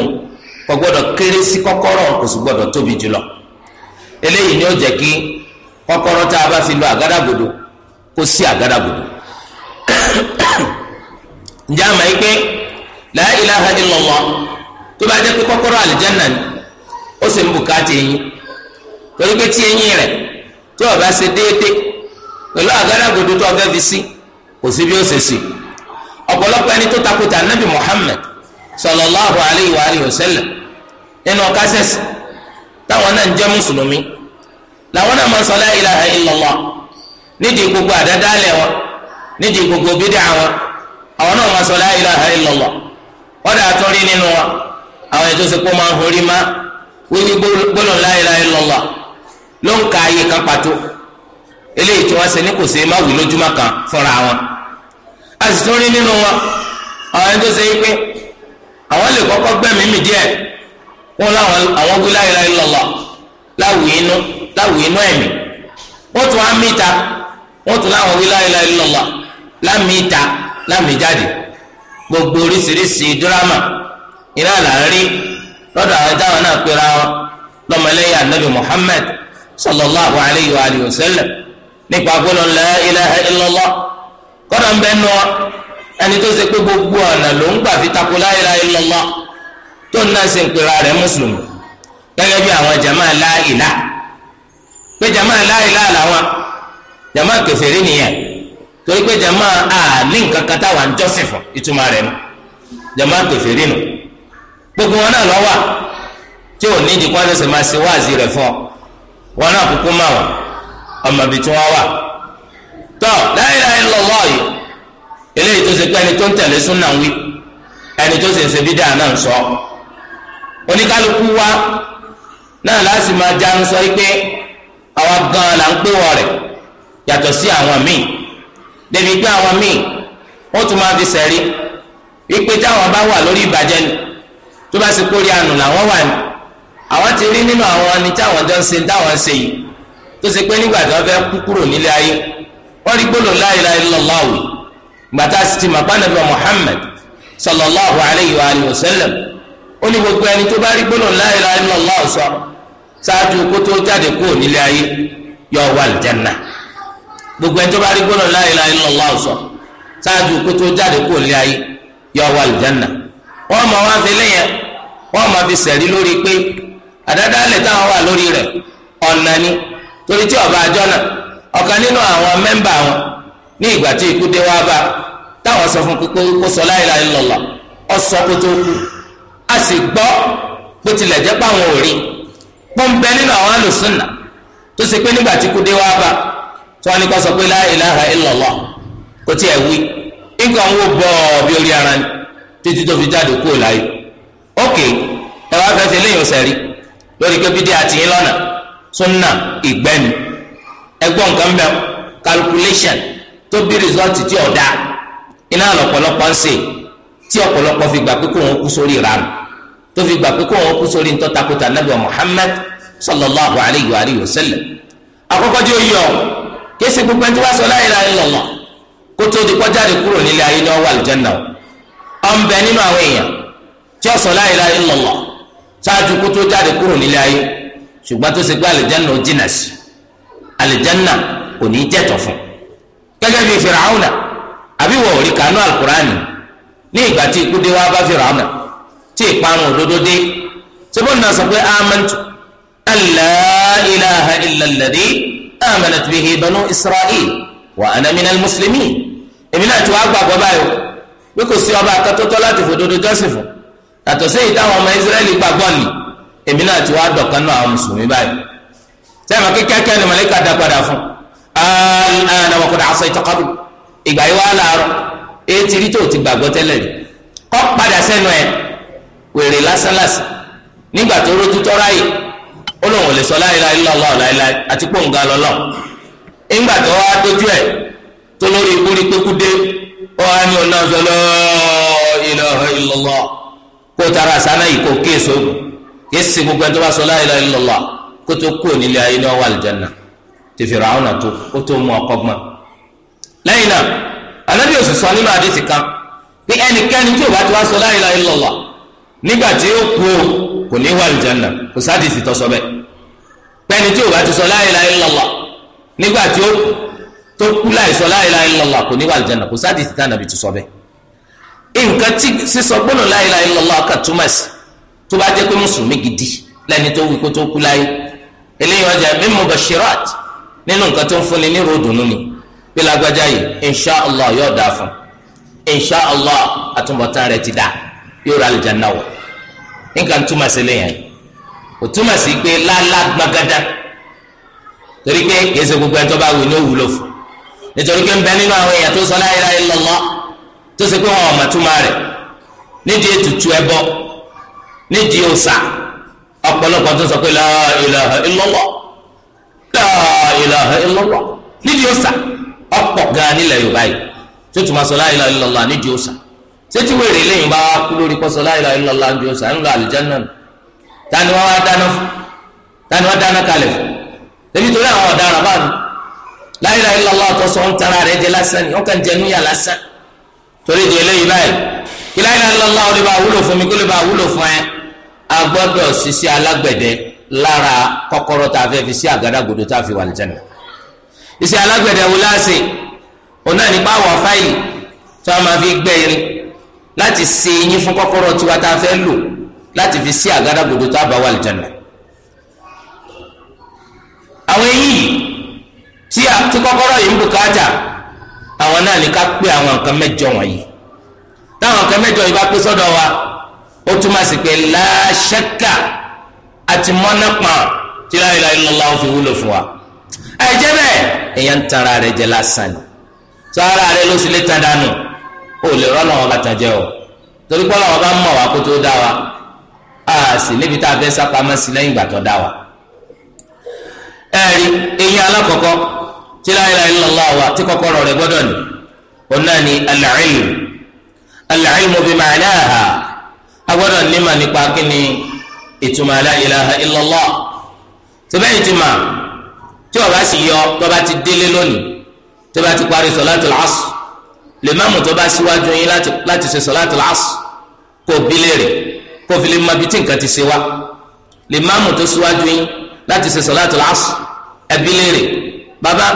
kò kéré sí kò sì tóbi eléyìí ni ó kí a bá fi lọ àgádágodo kó sí àgádágodo (coughs) ǹjẹ́ la tó bá jẹ́ pé kọ́kọ́rọ́ àlìjáná ni ó sì ń bùkátà eyín torí pé tí eyín rẹ̀ tí ó bá ṣe déédéé pẹ̀lú àgádágodo tó ọfẹ́ fi sí kò sí bí ó ṣe sí ọ̀pọ̀lọpọ̀ ẹni tó takùtà ànábì Muhammad sallallahu alayhi wa alihi wa sallam nínú kásẹ̀sì táwọn náà ń jẹ́ mùsùlùmí làwọn náà máa ń sọ la ilaha nídìí gbogbo àdádálẹ̀ wọn nídìí gbogbo bídà wọn àwọn náà máa sọ la ilaha wọ́n dà tó rí nínú wọn. àwọn ètò ìsìnkú máa ń horí má wíwí gbólọ̀ la ilaha illallah ló ń ka ayé kan pàtó eléyìí tí wọ́n ṣe ní kò sí má wí lójúmọ́ kan fúnra wọn a sì tún rí nínú wọn àwọn ètò ìsìnkú pé àwọn lè kọ́kọ́ gbẹ̀mí mi díẹ̀ wọn làwọn àwọn wí la ilaha láwùí inú láwùí inú ẹ̀mí wọ́n tún á mìta wọ́n tún láwọn wí iná là ń rí lọ́dọ̀ àwọn táwọn náà pera wọn lọ́mọlẹ́yìn anabi muhammad sallallahu alayhi wa alihi wa sallam nípa gbọ́dọ̀ la ilaha illallah kọ́dọ̀ ń bẹ́ nù ọ́ ẹni tó ṣe pé gbogbo ọ̀nà ló ń gbà fi takò la ilaha illallah tó ń náà ṣe ń pera rẹ̀ mùsùlùmí gẹ́gẹ́ bí àwọn jama la ilaha pé jama la ilaha làwọn jama kèfèrí nìyẹn torí pé jama àlín kankan táwọn ń ìtumọ̀ rẹ̀ jama kèfèrí nù. gbogbo wọn náà lọ wà tí ò ní ìdíkọ́ ẹsẹ̀ máa ṣe wáàzì rẹ̀ fún ọ wọn náà kúkú máa wọn ọmọ ibi tí wọn wà. tọ. la ilaha illallah yìí eléyìí tó ṣe pé ẹni tó ń tẹ̀lé súnà ń wí ẹni tó ṣe ń ṣe bídà náà ń sọ oníkálukú wa náà láti máa jánu sọ pé àwa gan-an là ń pè wọ rẹ̀ yàtọ̀ sí àwọn míì débi pé àwọn míì wọ́n tún máa fi sẹ̀rí táwọn bá wà lórí ìbàjẹ́ ni. tó bá ṣe kórìí àánú làwọn wà ní àwọn ti rí nínú àwọn ẹni táwọn jọ ń ṣe táwọn ṣe yìí tó ṣe pé nígbà tí wọ́n fẹ́ kú kúrò nílé ayé wọ́n rí gbólóhùn la ilaha illallah gbàtà sí ti màpá nàbẹ Muhammad sallallahu alayhi wa alihi wa sallam ó ní gbogbo ẹni tó bá rí gbólóhùn la ilaha illallah sọ ṣáájú kó tó jáde kúrò nílé ayé yọ wà lìjánná gbogbo ẹni tó bá rí gbólóhùn la ilaha illallah sọ ṣáájú kó tó jáde kúrò nílé ayé yọ wà lìjánná wọ́n mọ̀ wá fi léyìn wọ́n mọ̀ fi sẹ̀rí lórí pé àdáda lè táwọn wà lórí rẹ̀ ọ̀nà ni torí tí ọba àjọ náà ọ̀kan nínú àwọn mẹ́mbà wọn ní ìgbà tí ikú dé wá bá táwọn sọ a sì gbọ́ bó tilẹ̀ jẹ́ páwọn ò rí nínú àwọn tó ṣe pé nígbà tí ikú dé wá bá tí wọ́n ní kó sọ pé títí tó fi jáde kúrò láyé ókè ẹwà fẹsẹ̀ lẹ́yìn ọ̀sẹ̀ rí lórí pé bídí àtìyín lọ́nà súnà ìgbẹ́ni ẹgbọ́n nǹkan mẹ́ calculation tó bí rìsọ́ọ̀tì tí ọ̀dà iná lọ̀pọ̀lọpọ̀ ń ṣe tí ọ̀pọ̀lọpọ̀ fi gbà pé kó wọn kú sórí ìranù tó fi gbà pé kó wọn kú sórí ntọ́takùtà nàbẹ̀ Muhammad sallallahu alayhi wa alihi wa sallam àkọ́kọ́ tí ó yọ kí ẹsẹ̀ gbogbo ẹni tí wàá sọ la ilaha illallah kó tó di kọjá rẹ̀ kúrò nílé ayé ni wọ́n wà lìjẹ́ náà ọ̀nbẹ nínú àwọn èèyàn tí ó sọ la ilaha illallah ṣáájú kó tó jáde kúrò nílé ayé ṣùgbọ́n tó ṣe pé àlìjánná ò jìnà sí àlìjánná kò ní í jẹ́tọ̀ fún gẹ́gẹ́ bíi fìràhùnà àbí wọ̀ òrí kanú alukurani ní ìgbà tí ikú dé wá bá fìràhùnà tí ìparun òdodo dé sọ́bọ́n náà sọ pé amantu alla ilaha illa alladhi amanat bihi banu isra'il wa ana èmi náà ti wá gbàgbọ́ báyìí pé kò sí ọba àtọ́tọ́tọ́ láti fòdodo jọ́sìn yàtọ̀ sí èyí táwọn ọmọ Ísírẹ́lì gbàgbọ́ ni èmi náà ti wá dọ̀kan náà àwọn mùsùlùmí báyìí sẹ́wọ̀n kíkẹ́kẹ́ ni fụ dá padà fún asọ wọn kò dà aṣọ ìgbà yìí láàárọ̀ èyí ti rí tó ti gbàgbọ́ tẹ́lẹ̀ rí kọ́ padà sẹ́nu ẹ̀ wèrè nígbà tó rójú tọ́ ráyè ó lóun wọ́n á ní ọ̀nà sọlọ́ ilaha illallah kó o tara àṣà náà yìí kó kí èso ògùn kí èsì gbogbo ẹni tó bá sọ la ilaha illallah kó tó kú onílé ayé ní ọwọ́ àlùjáná ti Fìráúnà tó ó tó mú ọkọ gbọ́n. lẹ́yìn náà anábì òsì nínú àdìsí kan pé ẹnikẹ́ni tí o ti wá sọ la ilaha nígbà tí ó kú o kò ní wà àlùjáná kò sádìsì tọ́ bẹ́ẹ̀ pẹ́ni tí o ti sọ la ilaha tó kú láìsọ illallah kò ní wà àlùjánnà kò sáà dìtì tánàbì tó sọ bẹ́ẹ̀ nǹkan tí sísọ illallah túmọ̀ sí tó bá jẹ́ pé mùsùlùmí gidi lẹ́ni tó wí kó tó kú láyé eléyìí ọjà min nínú nǹkan tó ń fúnni ní ròdùnú ni insha allah yóò dáa fún insha allah àtúbọ̀tán rẹ̀ ti dáa yóò ra àlùjánnà wọ̀ nǹkan túmọ̀ sí kò túmọ̀ sí pé gbàgádá torí pé ṣe gbogbo ẹjọ́ bá wù nítorí pé ń bẹ nínú àwọn èèyàn tó sọ la ilaha illallah tó ṣe pé wọn ò mọ̀túmọ̀ rẹ̀ nídìí ètùtù ẹbọ nídìí òòṣà ọ̀pọ̀lọpọ̀ tó sọ pé la ilaha illallah la ilaha illallah nídìí òòṣà ọ̀pọ̀ gan nílẹ̀ Yorùbá yìí tó tún ma sọ la ilaha illallah nídìí òòṣà sétí wèrè lẹ́yìn bá kú lórí kọ́sọ̀ la ilaha illallah nídìí òòṣà ńlọ àlùjánnà tani wọn wá dáná la ilaha illallah àtọ́sọ̀ ń tara rẹ̀ jẹ lásán ni wọ́n kàn jẹ́ níyà lásán torí di eléyìí báyìí kí la ilaha illallah ó lè bá wúlò fún mi kó lè bá wúlò fún ẹ a gbọ́dọ̀ ṣiṣẹ́ alágbẹ̀dẹ lára kọ́kọ́rọ́ tá a fẹ́ fi sí àgádágodo tá a fi wà ní jẹ́nà iṣẹ́ alágbẹ̀dẹ wo láàṣẹ òun nípa àwọn fáìlì tí wọ́n máa fi gbẹ́ irin láti ṣe eyín fún kọ́kọ́rọ́ tiwa tá fẹ́ lò láti fi sí àgádágodo tá bá wà ní jẹ́nà àwọn eyín yìí tí a ti kọ́kọ́rọ́ yìí ń bùkátà àwọn náà ní ká pé àwọn nǹkan mẹ́jọ wọ̀nyí táwọn nǹkan mẹ́jọ yìí bá pé sọ́dọ̀ wa ó túmọ̀ sí pé láṣẹ́kà àti mọ́nàpà tí la ilaha illallah fi wúlò fún wa. àìjẹ́ bẹ́ẹ̀ èèyàn ń tan ara jẹ lásán ni tó ara rẹ̀ ló sì lè tan dànù ó lè rọ́ lọ́wọ́ bàtà jẹ́ o torí pé ọlọ́wọ́ bá mọ̀ wá kó tó dá wa a sì níbi tá a fẹ́ sápamọ́ sí lẹ́yìn ìgbà tó dá wa ẹ̀rí eyín alákọ̀ọ́kọ́ tí la ilaha illallah wa tí kọ́kọ́rọ́ rẹ̀ gbọ́dọ̀ ni òun náà ni al-ilm al-ilm bi ma'naha a gbọ́dọ̀ nímà nípa kíni ìtumọ̀ la ilaha illallah tẹ́bẹ́ ìtumọ̀ tí o bá sì yọ tó bá ti délé lónìí tó bá ti parí salatul asr lèmọ́mù tó bá síwájú yín láti ṣe salatul asr kó bílẹ̀ rẹ̀ kó fi lè mọ ibi tí nǹkan ti ṣe wá lèmọ́mù tó síwájú yín láti ṣe sọlá àtúlá àṣù ẹbí léèrè bàbá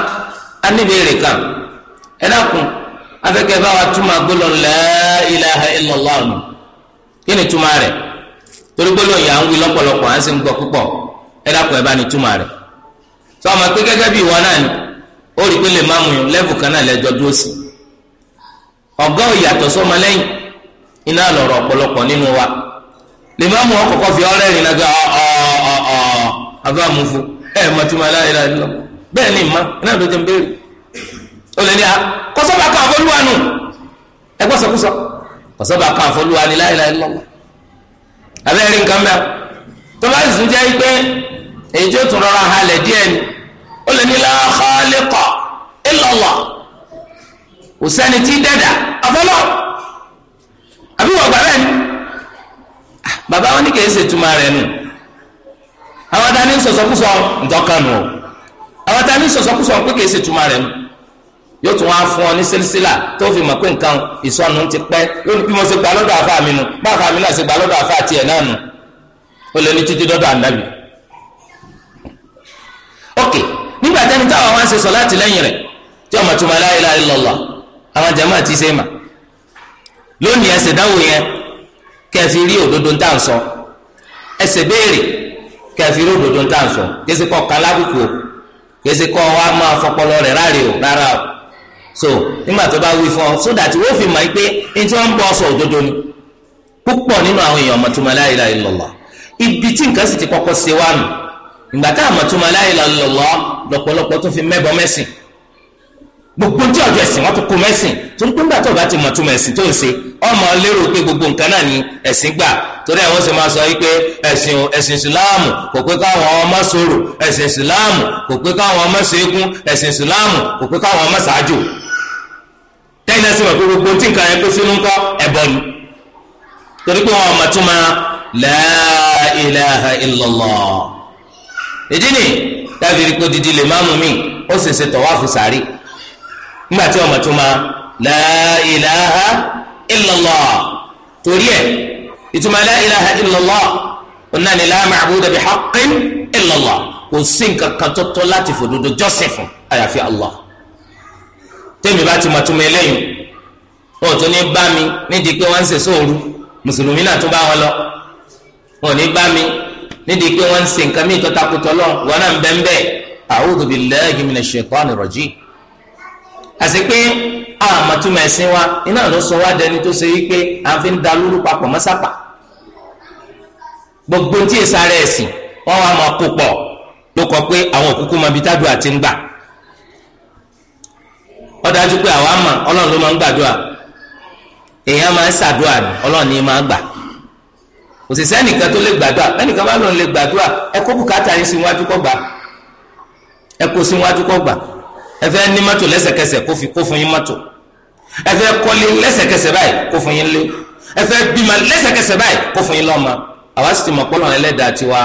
aníbèrè kan ẹ dákun bá wa túmọ̀ gbólóhùn la ilaha illallah nù kí ni túmọ̀ rẹ̀ torí gbólóhùn yà ń wí lọ́pọ̀lọpọ̀ à ń sì ń ẹ bá ma pé gẹ́gẹ́ bí ìwọ náà ni ó rí pé lè má mu yàn kan náà dúró sí àbá àmúfo ẹ mọ tí mo aláìlá ẹ lọ bẹ́ẹ̀ ni ìmọ náà ló jẹ ń béèrè olè ní a kọsọba kan àfọlùwà nù ẹ gbọ́ sọkúsọ kọsọba kan àfọlùwà ni láìlá ẹ lọ abẹ́ rí nǹkan mẹ́ta tó bá sì jẹ́ pé èyí tó tún rọra halẹ̀ díẹ̀ ni olè ní la khaliqa kò sẹ́ni tí dẹ́dà àfọlọ́ àbí wọ́n gbà bẹ́ẹ̀ ni ah, bàbá wọn ní kì í ṣètumọ̀ rẹ̀ nù. àwọn adarí sọ̀sọ̀kúsọ ntọ́kànnù o àwọn adarí sọ̀sọ̀kúsọ pé kìí ṣe túmọ̀ rẹ̀ yóò tún wá fún ọ ní sílísílà tó fi mọ̀ pé nǹkan ìsọnù ti pẹ́ yóò ní bí mo ṣe gbà lọ́dọ̀ àfa mi nu bá àfa mi náà ṣe lọ́dọ̀ àfa tiẹ̀ náà nu ó ní títí dọ́dọ̀ ànábì. ok nígbà táwọn wá ń ṣe sọ láti lẹ́yìn rẹ̀ tí ọmọ ti rí òdodo ń tà ń sọ ẹsẹ̀ béèrè kẹfì ló dòdò tá à ń sọ kése kọ kan lábùkù o kése kọ wa máa fọpọlọ rẹ ráre o rárá o so nígbà tó bá wí fún ọ sódà tí wọ́n fi mọ̀ pé ní tí wọ́n ń bọ́ ọsọ òdodo ni púpọ̀ nínú àwọn èèyàn ọmọtúmọ̀ la ilaha illallah ibi tí nǹkan sì ti kọ́kọ́ ṣe wá nù ìgbà tá àmọ̀túmọ̀ la ilaha illallah tó fi mẹ́bọ mẹ́sìn gbogbo tí ọjọọ ẹ̀sìn wọn tó kó mẹ́sìn tó ń pín gbà tó o bá ti mọ̀ tó mẹ́sìn tó ń ṣe ọmọ lérò pé gbogbo nǹkan náà ni ẹ̀sìn gbà torí àwọn sì máa sọ wípé ẹ̀sìn ẹ̀sìn ìsìláàmù kò pé káwọn ọmọ sòrò ẹ̀sìn ìsìláàmù kò pé káwọn ọmọ ìsìláàmù kò pé káwọn ọmọ tẹ́lẹ̀ sì pé gbogbo tí nǹkan yẹn pé sínú ẹ̀bọ ni torí pé wọn ọmọ máa nígbà tí ọmọ tó máa la ilaha illallah torí ẹ̀ ìtumọ̀ la ilaha illallah ọ̀nà ni la ma'buda bi haqqin illallah kò sí nǹkan kan tó tọ́ láti fòdodo jọ́sẹ̀fù àyàfi allah tẹ́mi bá ti mọ̀ tó mọ eléyìí wọn ò tún ní bá mi nídìí pé wọ́n ń ṣe sóòru mùsùlùmí náà tún bá wọn lọ wọn ò ní bá mi nídìí pé wọ́n ń ṣe nǹkan mí ìtọ́takùtọ̀ lọ wọn náà ń bẹ́ẹ̀ bẹ́ẹ̀ a'udhu billahi minash shaitani rajim àti pé àmọ̀túmọ̀ ẹ̀sìn wa iná ló sọ wá dẹni tó ṣe wípé à ń fi ń da lóru papọ̀ mọ́sápà gbogbo tí èsì ara ẹ̀sìn wọ́n wá máa kó pọ̀ ló kọ pé àwọn òkúkú máa bi tádùá ti ń gbà ó dájú pé àwa mọ̀ ọlọ́run ló máa ń gbàdúrà èèyàn máa ń ṣàdúrà ni ọlọ́run ni máa gbà òṣìṣẹ́ ẹnìkan tó lè gbàdúrà ẹnìkan bá lòun lè gbàdúrà ẹ kó bùkátà yín síwájú kọ́ gbà ẹ kó síwájú kọ́ gbà ẹ fẹ́ ní mọ́tò lẹ́sẹ̀kẹsẹ̀ kó fi kó fún yín mọ́tò ẹ fẹ́ kọ́lé lẹ́sẹ̀kẹsẹ̀ báyìí kó fún yín lé ẹ fẹ́ bímọ lẹ́sẹ̀kẹsẹ̀ báyìí kó fún yín lọ́mọ àwa sì ti mọ̀ pé Ọlọ́run tiwa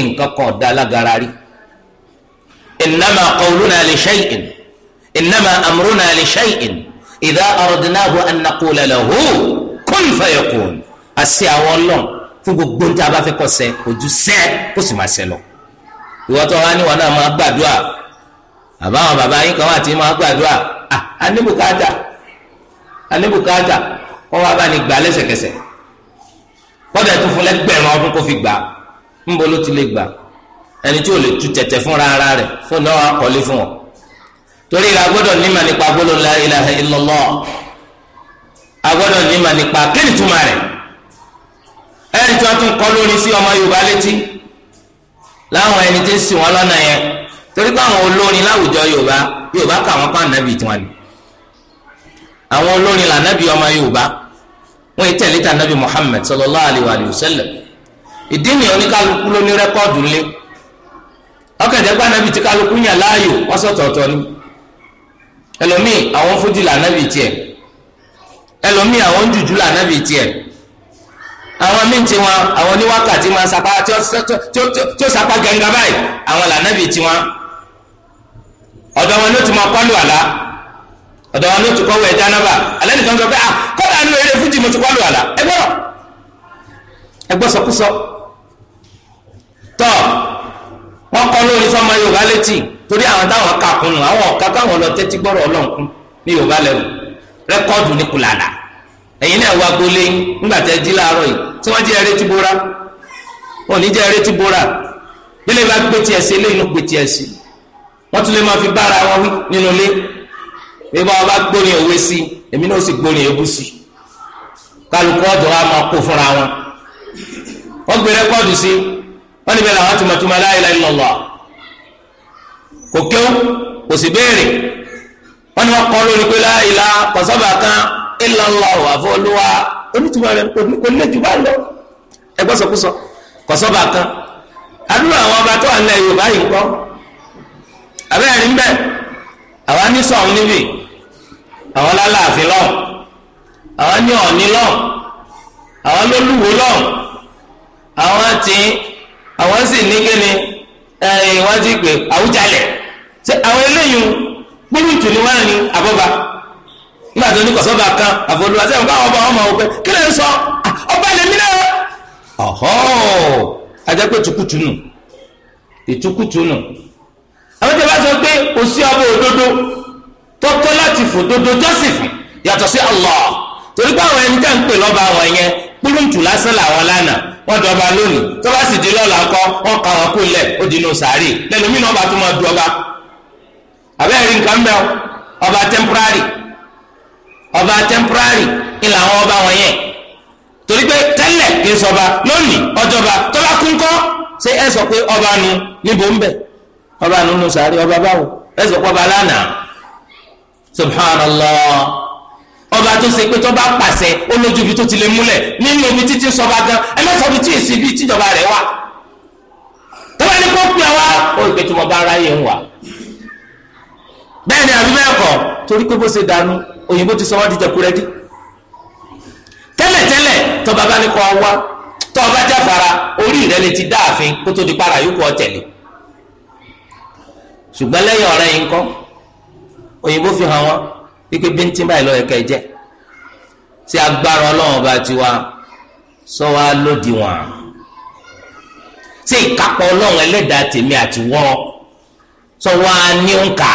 nǹkan kan ọ̀dà alágara rí innama qawluna li shay'in innama amruna li shay'in idha aradnahu an naqula lahu kun fayakun àṣẹ àwọn Ọlọ́run fún gbogbo ní tí bá fẹ́ kọ́ ṣẹ ojú ṣẹ kó sì máa ṣẹ lọ ìwọ́tọ̀ wa ni wọn náà máa gbàdúrà àbáwọn bàbá yín kan wà tí máa gbàdúrà àníbùkátà wọn wá bá ní gbà lẹ́sẹ̀kẹsẹ̀ kọ́dà tó fún ọdún kó fi gbà ńbo ló ti lè gbà ẹni tí ò lè tu tẹ̀tẹ̀ fúnra ara rẹ̀ fún náà fún ọ torí ra nímà nípa nímà nípa kíni ẹni tí tún lórí sí ọmọ Yorùbá létí láwọn ẹni tí ń torí pé àwọn olórin láwùjọ yorùbá yorùbá kà kwa pa ànábì tiwọn ni àwọn olórin lànàbì ọmọ yorùbá wọn yìí tẹ̀lé ta ànábì muhammed sallallahu alayhi wa sallam ìdí nìyẹn oníkálukú ló ní rẹ́kọ́ọ̀dù lé ọkàdé gba ànábì tí kálukú yàn láàyò wọ́n sọ ni ẹlòmíì àwọn fújì lànàbì tiẹ̀ ẹlòmíì àwọn jùjú tiẹ̀ àwọn míì àwọn oníwákàtí máa sapá tí ó sapá ọ̀dọ̀ wọn ló ti máa kọ́ lù àlá ọ̀dọ̀ wọn ló ti kọ́wé ẹja náà bá alẹ́ nìkan sọ pé à ah, kọ́dà nínú eré fújì mo ti kọ́ lù àlá ẹ gbọ́dọ̀ ẹ gbọ́ sọkúsọ tọ́ wọ́n kọ́ lórí sọ́mọ Yorùbá létí torí àwọn táwọn kakùn nù àwọn ọ̀ka káwọn lọ tẹ́tí gbọ́rọ̀ ọlọ́nkún ní Yorùbá lẹ́wù rẹ́kọ́ọ̀dù ní kùlàlà ẹ̀yin náà wá gbolé nígbà tẹ́ di láàárọ̀ yìí tí wọ́n jẹ́ eré tí bora wọn ò ní jẹ́ eré tí bora bí bá gbé tiẹ̀ sí eléyìí ló gbé tiẹ̀ sí i wọ́n tún lè máa fi bára wọn wí nínú ilé bí wọ́n bá gbórin òwe sí èmi náà sì gbórin èébú sí kálukú ọ̀dọ̀ wa máa kó fúnra wọn wọ́n gbé rẹ́kọ́ọ̀dù sí wọ́n níbẹ̀ làwọn ti mọ̀túmọ̀ la ilaha illallah kò kéwọ́ kò sì béèrè wọ́n ní wọ́n kọ́ lórí pé la ilaha kọ̀sọ́bà kan illallah àfọlúwa onítùmọ̀ rẹ̀ kò lè jù bá lọ ẹgbọ́sọkúsọ kọ̀sọ́bà kan àdúrà àwọn ọba tó wà nílẹ̀ Yorùbá yìí abẹ́rẹ́ rí bẹ́ẹ̀ àwa ní sọ̀hún níbì àwọn lálàáfin lọ àwọn ní ọ̀ní lọ àwọn lólùwò lọ àwọn tí àwọn sì ní kíni ẹ̀yìn wọ́n ti pè àwùjalẹ̀ ṣé àwọn eléyìí gbólùtù ni wọ́n ní àbọ̀bà nígbà tó ní kọ̀sọ́bà kan àfọlùwà sẹ́yìn báwọn ọba wọn máa wọ pé kí lè sọ ọba lèmi náà ọ̀họ́ ajá pé tukutu nù ìtukutu nù àwọn tí a bá sọ pé kò sí ọba òdodo tọ́tọ́ láti fòdodo jọ́sìn fún yàtọ̀ sí Allah torí pé àwọn ẹni tá ń pè lọ́ba àwọn yẹn kúrúǹtù lásán làwọn lánàá wọ́n dọba lónìí tó bá sì di lọ́la kọ́ wọ́n kà wọ́n kó lẹ̀ ó di inú sàárè lẹ́lómi náà ọba tó máa du ọba àbẹ́rẹ́ nǹkan bẹ́ẹ̀ ọba temporary ọba temporary ni làwọn ọba wọn yẹn torí pé tẹ́lẹ̀ kì í sọba lónìí ọjọba tó bá kún kọ́ ṣé ẹ sọ pé ọba nu níbo ń bẹ̀ ọba nínú sàárì ọba báwo ẹsẹ kọba lánàá subhanallah ọba tó ṣe pé tó bá pàṣẹ olójú ibi tó ti lè múlẹ̀ nínú omi títí sọba gan ẹ má sọbi tí èsì ibi tíjọba rẹ wà tọ́ba ní kó pè wá ó ìpè tí mo bá ráyè ń wà bẹ́ẹ̀ ni àbí bẹ́ẹ̀ kọ́ torí pé bó ṣe dànù òyìnbó ti sọ wọ́n di jẹkurẹ́dí tẹ́lẹ̀tẹ́lẹ̀ tọ́ba bá ní kó wá tọ́ba jáfara orí rẹ lè ti dáàfin kó tó di para yókù ọ̀tẹ̀lẹ̀ ṣùgbọ́n lẹ́yìn ọ̀rẹ́ yìí ńkọ́ òyìnbó fi hàn wọ́n wípé bíntín báyìí lọ́ọ́ ẹ̀ka ẹ̀jẹ̀ tí agbára ọlọ́run bá ti wá sọ wá lòdì wọn tí ìkápọ̀ ọlọ́run ẹlẹ́dàá tèmi àti wọ́n sọ wá ní òǹkà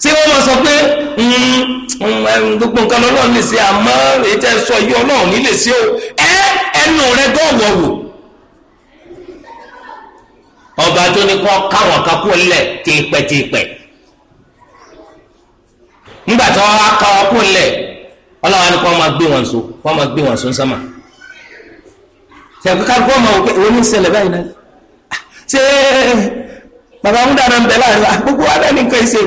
tí wọ́n máa sọ pé hmm, hmm, hmm, gbogbo nǹkan lọ́lọ́run lè ṣe àmọ́ èyí tẹ́ yìí ọlọ́run ní lè ṣe ẹ ẹnu rẹ gbọ́ wọ̀wọ̀ ọba tó ní kọ́ káwọn kan kú lẹ̀ tìpẹ̀tìpẹ̀ nígbà tí wọ́n wá káwọn kú lẹ̀ ọlọ́wọ́n ni kọ́ máa gbé wọn so kọ́ máa gbé wọn so sánmà sẹ́kù kárìkọ́ máa wò pé èwo ní ṣẹlẹ̀ báyìí náà ṣé bàbá ń dáná ń bẹ láàrin wa gbogbo wa náà ní nǹkan ṣe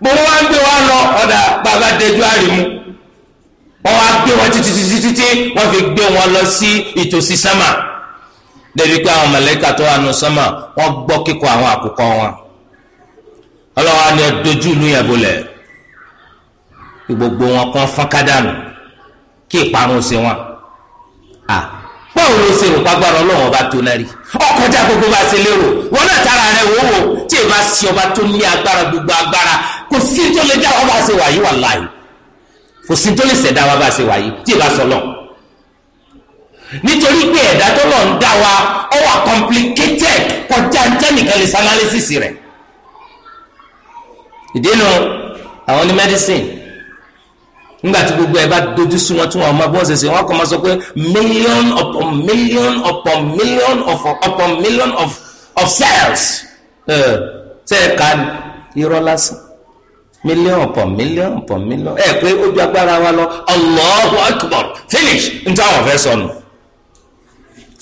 gbogbo wa ń gbé wa lọ ọ̀dà bàbá dẹjú àrìmú wọ́n wá gbé wọn títí títí títí fi gbé wọn lọ sí ìtòsí sánmà débi pé àwọn mẹlẹ́kà tó wà nù sánmà wọ́n gbọ́ kíkọ àwọn àkùkọ wọn ọlọ́wọ́ ni ẹ̀dójú ìlú yẹn bolẹ̀ kí gbogbo wọn kàn fọ́nkádànù kí ìparun ṣe wọn à báwo ló ṣe rò pàgbára ọlọ́wọ́n bá tó náà rí ọkọjá gbogbo bá ṣe lérò wọn náà tara rẹ wò wò tí èèbá ṣe ọba tó ní agbára gbogbo agbára kò sí tó lè dá wọn bá ṣe wàyí wàláyé kò sí tó lè ṣẹ̀dá wọn bá ṣe wàyí tí èèbá sọ lọ́wọ́ nítorí pé ẹ̀dá tó lọ ń dá wa ọ wà complicated kọjá ń tẹ́nìkan lè sanálísìsì rẹ̀ ìdènà àwọn ní medicine nígbà tí gbogbo ẹ bá dojú sí wọn tí wọn ọmọ bọ́ọ̀sì sí wọn kọ́ máa sọ pé million upon million upon million of upon million of of cells ṣe é ka irọ́ lásán million upon million upon million ẹ pé ó ju agbára wa lọ Allahu Akbar finish níta àwọn fẹ́ sọnù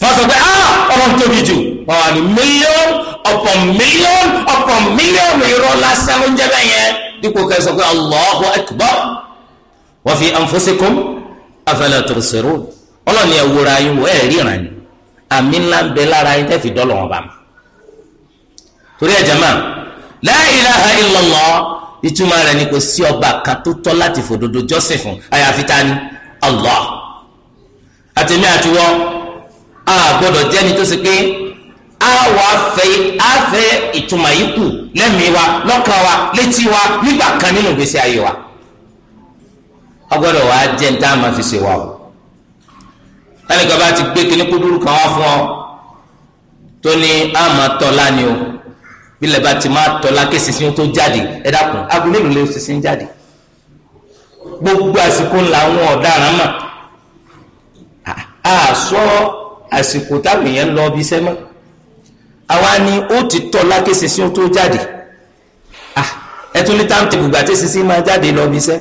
wọ́n sọ pé ah, ọlọ́run tóbi jù wọ́n wà ní mílíọ̀nù ọ̀pọ̀ mílíọ̀nù ọ̀pọ̀ mílíọ̀nù irọ́ lásán ló ń jẹ́ bẹ́ẹ̀ yẹn dípò ká sọ pé Allahu akbar wa fi anfusikum afala tubsirun ọlọ́ni ẹ̀ yín wọ́n ẹ̀ ríran ni àmì ńlá bẹ lára yín tẹ́fì dọ́lọ̀ wọn bá mi. torí ẹ̀ jama la ilaha illallah ìtumọ̀ rẹ̀ ni kò sí ọba kan tó tọ́ láti fòdodo jọ́sìn fún ta ni Allah àtẹ̀mí àtiwọ́ a gbọ́dọ̀ jẹ́ni tó ṣe pé a wà fẹ́ a fẹ́ ìtumọ̀ yìí kù lẹ́mìí wa lọ́kàn wa létí wa nígbà kan nínú ìgbésí ayé wa a gbọ́dọ̀ wà á jẹ́ ní tá a máa fi ṣe wa o ẹnìkan bá ti gbé kíní kúdúrú kan wá fún ọ tó ní a máa tọ́lá ni o bílẹ̀ bá ti máa tọ́lá kí sísìn tó jáde ẹ dákun agolo mélòó lè sísìn jáde gbogbo àsìkò ńlá àwọn ọ̀daràn mà á sọ. So, àsìkò táwọn èèyàn ń lọ ibi iṣẹ́ mọ́ àwa ni ó ti tọ́ lákè sísí ó tó jáde ah, ẹ tún ní táwọn tèbù gbà tí sísí máa jáde lọ ibi iṣẹ́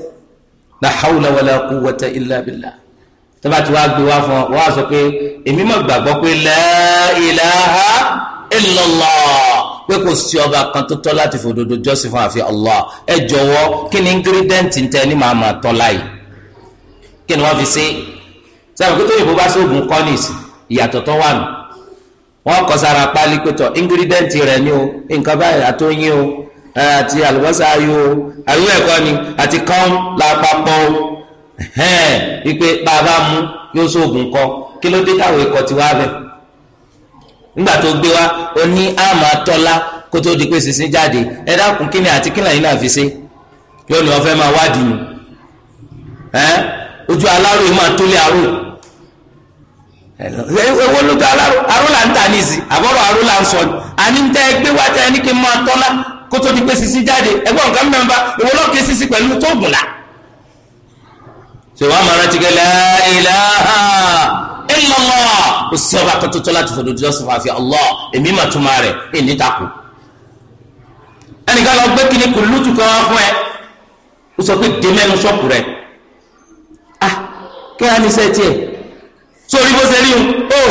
la hawla wala quwwata illa billah tọ́ba tí wàá gbé wá fún pé kò sí ọba kan tó tọ́ láti fòdodo jọ́sìn fún àfi Allah ẹ jọ̀wọ́ kí ni ingírídẹ́ǹtì tẹ ní màá máa tọ́ láyìí kí ni wọ́n fi ṣe sábà kí tóyìnbó bá sóògùn kọ́nìsì ìyàtọ̀ tó wà nù wọ́n kọ sára pálí pé tọ̀ rẹ̀ ni o nǹkan báyìí o eh, àti àlùbọ́sà ayò o àyùwẹ̀ ẹ̀kọ́ ni àti kán lápapọ̀ o hẹ́ẹ̀ wípé bàbá mu yóò sóògùn kọ kí ló dé táwọn ikọ̀ ti wá bẹ̀ nígbà tó gbé wa ó ní àmà tọ́lá kó tó di pé sísìn jáde ẹ dákun kíni àti kíni àyìn fi ṣe yóò ní wọ́n fẹ́ máa wádìí ojú máa tó lé àrò. ewo arúlà ń tà ní ìsìn àbọ̀rọ̀ arúlà ń sọ àní ń tẹ́ ẹ wájà ẹni kí n máa tọ́lá kó tó di pé sisi jáde sisi pẹ̀lú la. ṣèwọ́n àmàrà ti gẹ́lẹ́ ilá ìlọ́lọ́ kò sí ọba kan tó láti fòdò jọ́sìn fàáfi ọlọ́ èmi mà rẹ̀ ẹnìkan lọ gbé kíni kò kan wá fún ẹ ó sọ pé dèmẹ́nu rẹ̀ ah sórí bó ṣe rí un ó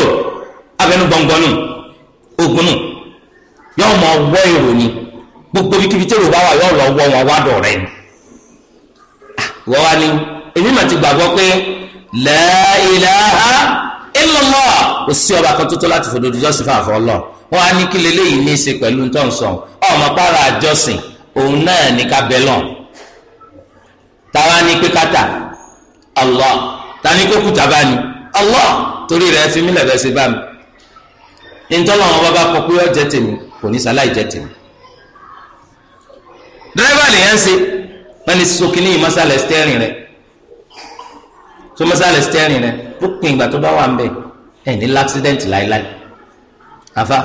abẹnú gbọ̀ngbọ̀n nù ogun nù yóò mọ wọ́ èrò ni gbogbo ibikíbi tí èrò bá wà yóò lọ wọ́ wọn wá dọ̀ rẹ̀ ni ah, wọ́n wá ní èmi mà ti gbàgbọ́ pé la ilaha illallah kò sí ọba kan tó tó láti fòdò jọ́sìn fún àfọlọ́ wọ́n á ní kí leléyìí ní í ṣe pẹ̀lú ntọ́nsọ̀n ọmọ para àjọsìn òun náà ní ká bẹ́ lọ́n táwa ní pé kátà Allah ta ní pé kùtà bá ní. Allah torí rẹ̀ fi mí lẹ̀bẹ̀ sí bá mi ntọ́lọ́ wọn bá bá kọ pé ó jẹ́ tèmi kò ní sáláì jẹ́ tèmi. dírẹ́fà lèyàn ń ṣe wọ́n ní sọ́kì ní ìmọ̀sálẹ̀ stẹ́rìn rẹ̀ tó mọ̀sálẹ̀ stẹ́rìn rẹ̀ ó pin ìgbà tó bá wà ń bẹ̀ ẹ̀ ní láksidẹ̀ntì láéláé àfa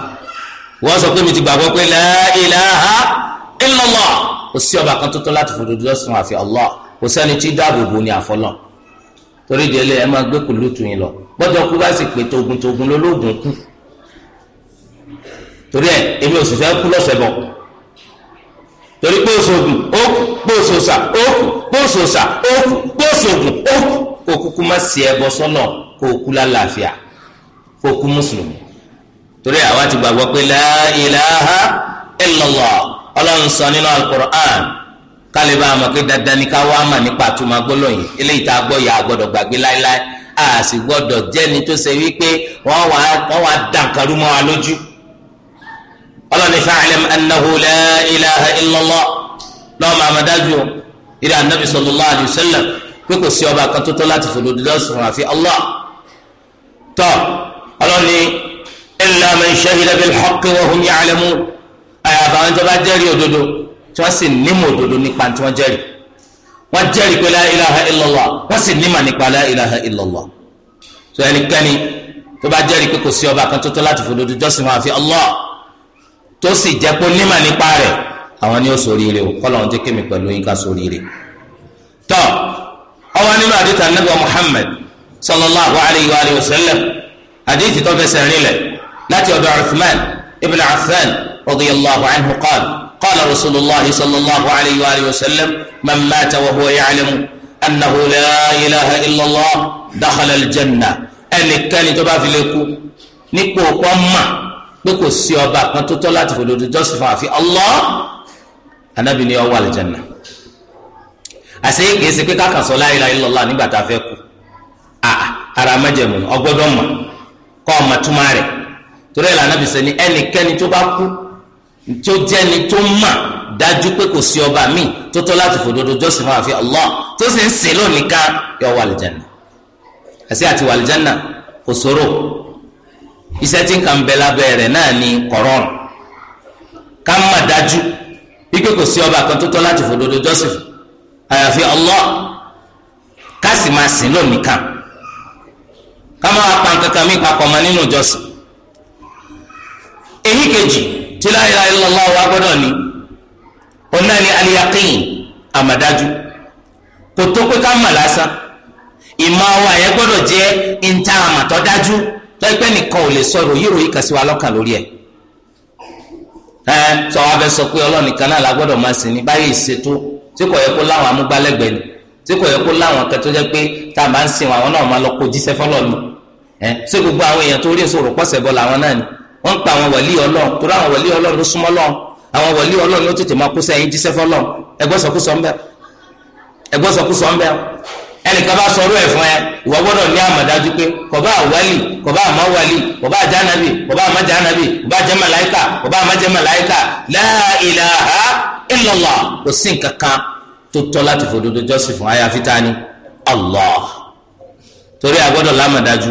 wọ́n sọ pé mi ti gbàgbọ́ pé la ilaha illallah kò sí ọba kan tó tọ́ láti fòdodo lọ́sùn àfi Allah kò sẹ́ni tí dáàbò bò ní àfọlọ́ọ̀ torí ìdílé ẹ máa gbé kùlùtù yín lọ gbọ́dọ̀ kú bá sì pé togun togun lológun kú torí ẹ èmi ò sì fẹ́ kú lọ́sẹ̀ bọ̀ torí pé oṣoògùn ó kú pé oṣooṣà ó kú pé oṣooṣà ó kú pé oṣoògùn ó kú kó kúkú má sí ẹbọ sọ́nà kó kú lálàáfíà kó kú mùsùlùmí torí àwa ti gbàgbọ́ pé la ilaha illallah ọlọ́run sọ nínú al-Qur'an kálí bá a mọ̀ pé dandan ni ká wá mà nípa àtúmọ̀ gbólóyìn eléyìí tá a gbọ́ yà á gbọ́dọ̀ gbàgbé láéláé a sì gbọ́dọ̀ jẹ́ni tó ṣe wípé wọ́n wá wọ́n wá dànkàrú mọ́ wa lójú. ọlọ́ni fa'lam annahu ilaha illallah lọ́wọ́ màmá dájú anabi sallallahu alayhi wa sallam pé kò sí ọba kan tó tọ́ láti fòdò dídọ́ sùn àfi Allah. tọ́ ọlọ́ni illa man shahida bil haqqi tí wọ́n sì nímọ̀ òdodo nípa tí wọ́n jẹ́rìí wọ́n jẹ́rìí pé la ilaha illallah wọ́n sì nímọ̀ nípa la ilaha illallah so ẹnikẹ́ni tó bá jẹ́rìí pé kò sí ọba kan tó tọ́ láti fòdodo jọ́sìn máa fi Allah tó sì jẹ́ pé nímọ̀ nípa rẹ̀ àwọn ni ó ṣoríire o kọ́ lọ́n jẹ́ kémi pẹ̀lú yín ká ṣoríire tọ́ ọwọ́ nínú àdìtà nàbẹ̀ Muhammad sallallahu alayhi wa sallam àdìtì tó fẹsẹ̀ rinlẹ̀ láti ọ̀dọ̀ قال رسول الله صلى الله عليه وآله وسلم من مات وهو يعلم أنه لا إله إلا الله دخل الجنة ẹnikẹ́ni tó bá fi lè kú nípò pọ́nmà pé kò sí ọba kan tó tọ́ láti fòdodo joseph àfi Allah anabi ni ọwọ́ àlùjànnà àṣé kìí ṣe pé kákan sọ la ilaha illallah nígbà tá a fẹ́ kú ara májẹ̀mú ọgbọ́dọ̀ mọ̀ kọ́ ọmọ túmọ̀ rẹ̀ torí ẹ̀ lànà bí sẹ́ni ẹnikẹ́ni tó bá kú tó jẹ́ni tó mà dájú pé kò sí ọba míì tó tọ́ láti fòdodo jọ́sìn fún àfi Allah tó sì ń sìn lónìí ká yọ wàlìjánà àti àti wàlìjánà kò sòrò iṣẹ́ tí nǹkan bẹ lábẹ́ rẹ̀ náà ni kọ̀rọ̀n ká mà dájú wípé kò sí ọba kan tó tọ́ láti fòdodo jọ́sìn fún àyàfi Allah ká sì máa sìn lónìí ká ká máa pa nǹkan kan mí papọ̀ mọ́ nínú ìjọsìn èyí kejì. tí la ilaha illallah wa gbọ́dọ̀ ní ọ̀nà ni aliyaqin àmàdájú kò tó pé ká mà lásán ìmọ̀ wa yẹn gbọ́dọ̀ jẹ́ ìta àmàtọ́ dájú lọ́pẹ́ nìkan ò lè sọ ìròyìn ìròyìn kan wa lọ́kàn lórí ẹ sọ wa fẹ́ sọ pé Ọlọ́run nìkan náà la gbọ́dọ̀ máa sìn ní báyìí tí kò ni tí kò yẹ kó láwọn jẹ́ pé tá a máa ń sìn wọn àwọn náà máa lọ kó jíṣẹ́ fọlọ́ọ̀nù ẹ ṣé gbogbo àwọn wọ́n ń pa àwọn wàlí ọlọ́run torí àwọn wàlí ọlọ́run ló súnmọ́ lọ́run àwọn wàlí ọlọ́run ló tètè máa kó sẹ́yìn jíṣẹ́ fọlọ́run ẹgbọ́sọkúsọ ńbẹ ẹgbọ́sọkúsọ ńbẹ ẹnìkan bá sọ̀rọ̀ ẹ̀ fún ẹ ìwọ gbọ́dọ̀ ní àmọ̀dájú pé kọ̀bá àwálì kọ̀bá àmọ̀wálì kọ̀bá àjánabi kọ̀bá àmọ̀jánabi kọ̀bá àjẹmàláìkà kọ̀bá àmọ̀jẹmàláìkà la ilaha kò sí nǹkan kan tó tọ́ láti fòdodo jọ́sìn fún àyàfi ta ni Allah torí àgbọ́dọ̀ lámọ̀dájú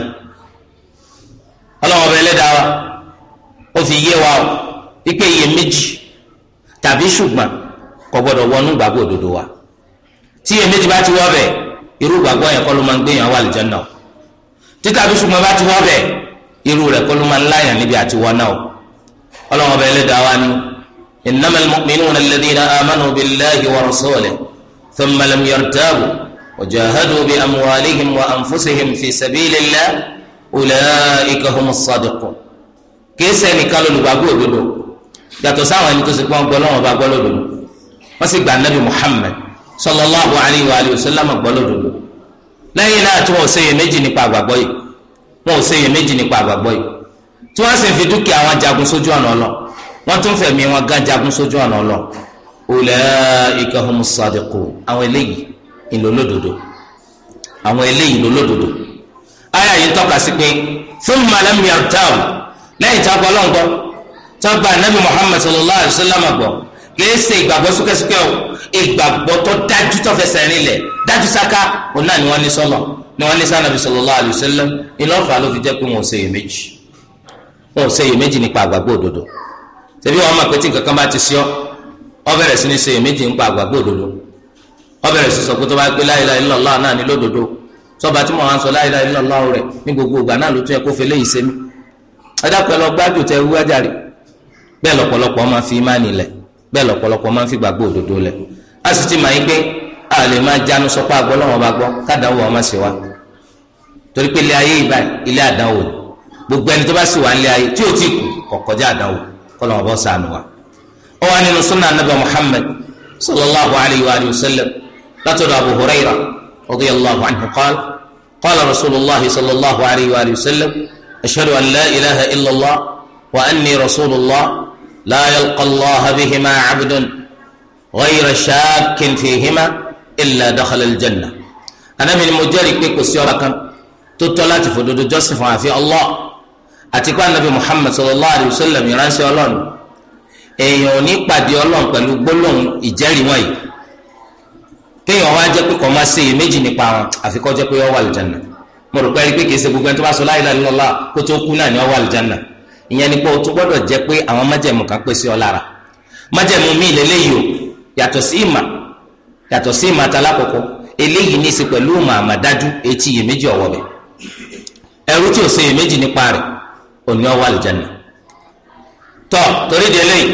ọlọ́wọ́ bẹ́ẹ̀ wa ó fi yé wa o wípé iyèméjì tàbí ṣùgbọ́n kò gbọ́dọ̀ wọnú ìgbàgbọ́ òdodo wa tí iyèméjì bá ti wọ́ bẹ̀ irú ìgbàgbọ́ yẹn kọ́ ló máa ń gbéyàn wà àlùjánnà o tí tàbí ṣùgbọ́n bá ti wọ́ bẹ̀ irú rẹ̀ kọ́ ló máa ń láyàn níbi àti wọ́n náà ọlọ́run ọba ẹlẹ́dàá wa ni innamal mu'minuna alladhina amanu billahi wa rasulihi thumma lam yartabu wa jahadu bi amwalihim wa anfusihim kìí ṣe ẹnìkan lọ́lùgbàgbọ́ òdodo yàtọ̀ sáwọn ẹni tó ṣe pọ́n gbọ́ lọ́wọ́ bá gbọ́ lódodo wọ́n sì gba nabi muhammed sallallahu alayhi wa alayhi wa sallam náà tí méjì nípa yìí méjì nípa yìí tí sì fi dúkìá wọn jagun sójú ọ̀nà tún wọn jagun sójú ọ̀nà àwọn eléyìí ìlólódodo àwọn lẹ́yìn tí a gbọ́ lọ́ngbọ́ tí wọ́n gba anabi muhammad sallallahu alayhi wa sallam gbọ́ kìí ṣe ìgbàgbọ́ súkẹ́súkẹ́ o ìgbàgbọ́ tó dájú tó fẹsẹ̀ rinlẹ̀ dájú sáká náà ni wọ́n ní ni wọ́n ní anabi sallallahu alayhi wa sallam iná ọ̀fà ló fi jẹ́ pé wọn ò ṣèyí méjì wọn ò ṣèyí méjì nípa àgbàgbọ́ òdodo tẹ̀bí wọn mọ̀ pé nǹkan kan bá ti ọ bẹ̀rẹ̀ sọ pé tó bá pé ẹ̀dàpẹ lọ gbájú tẹ wíwá jàre bẹ́ẹ̀ lọ́pọ̀lọpọ̀ máa fi má nílẹ̀ bẹ́ẹ̀ lọ́pọ̀lọpọ̀ máa fi gbàgbọ́ òdodo lẹ̀ a sì ti mà yín pé a lè máa jánu sọpá àgbọ lọ́wọ́ bá gbọ́ kádàáwò ọmọ sì wá torí pé ilé ayé ìbá ilé àdánwò ni gbogbo ẹni tó bá sì wà nílé ayé tí ò tí kù kọkọjá àdánwò kọlọ wọn bọ sànù wa. ó wà nínú sunna anabi muhammed sallallahu alayhi wa sallam látọ̀dọ̀ abu hurairah radiyallahu anhu qala rasulillah sallallahu alayhi wa sallam ashhadu an la ilaha illallah wa anni rasulullah la yalqa allah bihima abdun ghayra shakin fihima illa dakhala aljanna anabi ni mo jẹ́rìí pé kò sí ọ̀rọ̀ kan tó tọ́ láti fòdodo jọ́sìn fún àfi allah àti pé anabi muhammad sallallahu alayhi wa sallam ìránṣẹ́ ọlọ́run èèyàn ò ní pàdé ọlọ́run pẹ̀lú gbólóhùn ìjẹ́rìí wọ̀nyí kéèyàn wá jẹ́ pé kò má ṣe iyèméjì nípa wọn àfi kó jẹ́ pé ó wà lìjànà mo rò pé ẹni pé kìí ṣe gbogbo ẹni tó bá sọ la ilaha illallah kó tó kú náà ni ó wà ìyẹn ni pé o tó gbọ́dọ̀ jẹ́ pé àwọn májẹ̀mú kan pèsè ọ lára májẹ̀mú mi lélẹ́yìí o yàtọ̀ sí ìmà yàtọ̀ sí ìmà eléyìí ní í ṣe pẹ̀lú ìmọ̀ àmàdájú etí iyèméjì ọ̀wọ́ bẹ̀ ẹrú tí ṣe iyèméjì nípa rẹ̀ torí di eléyìí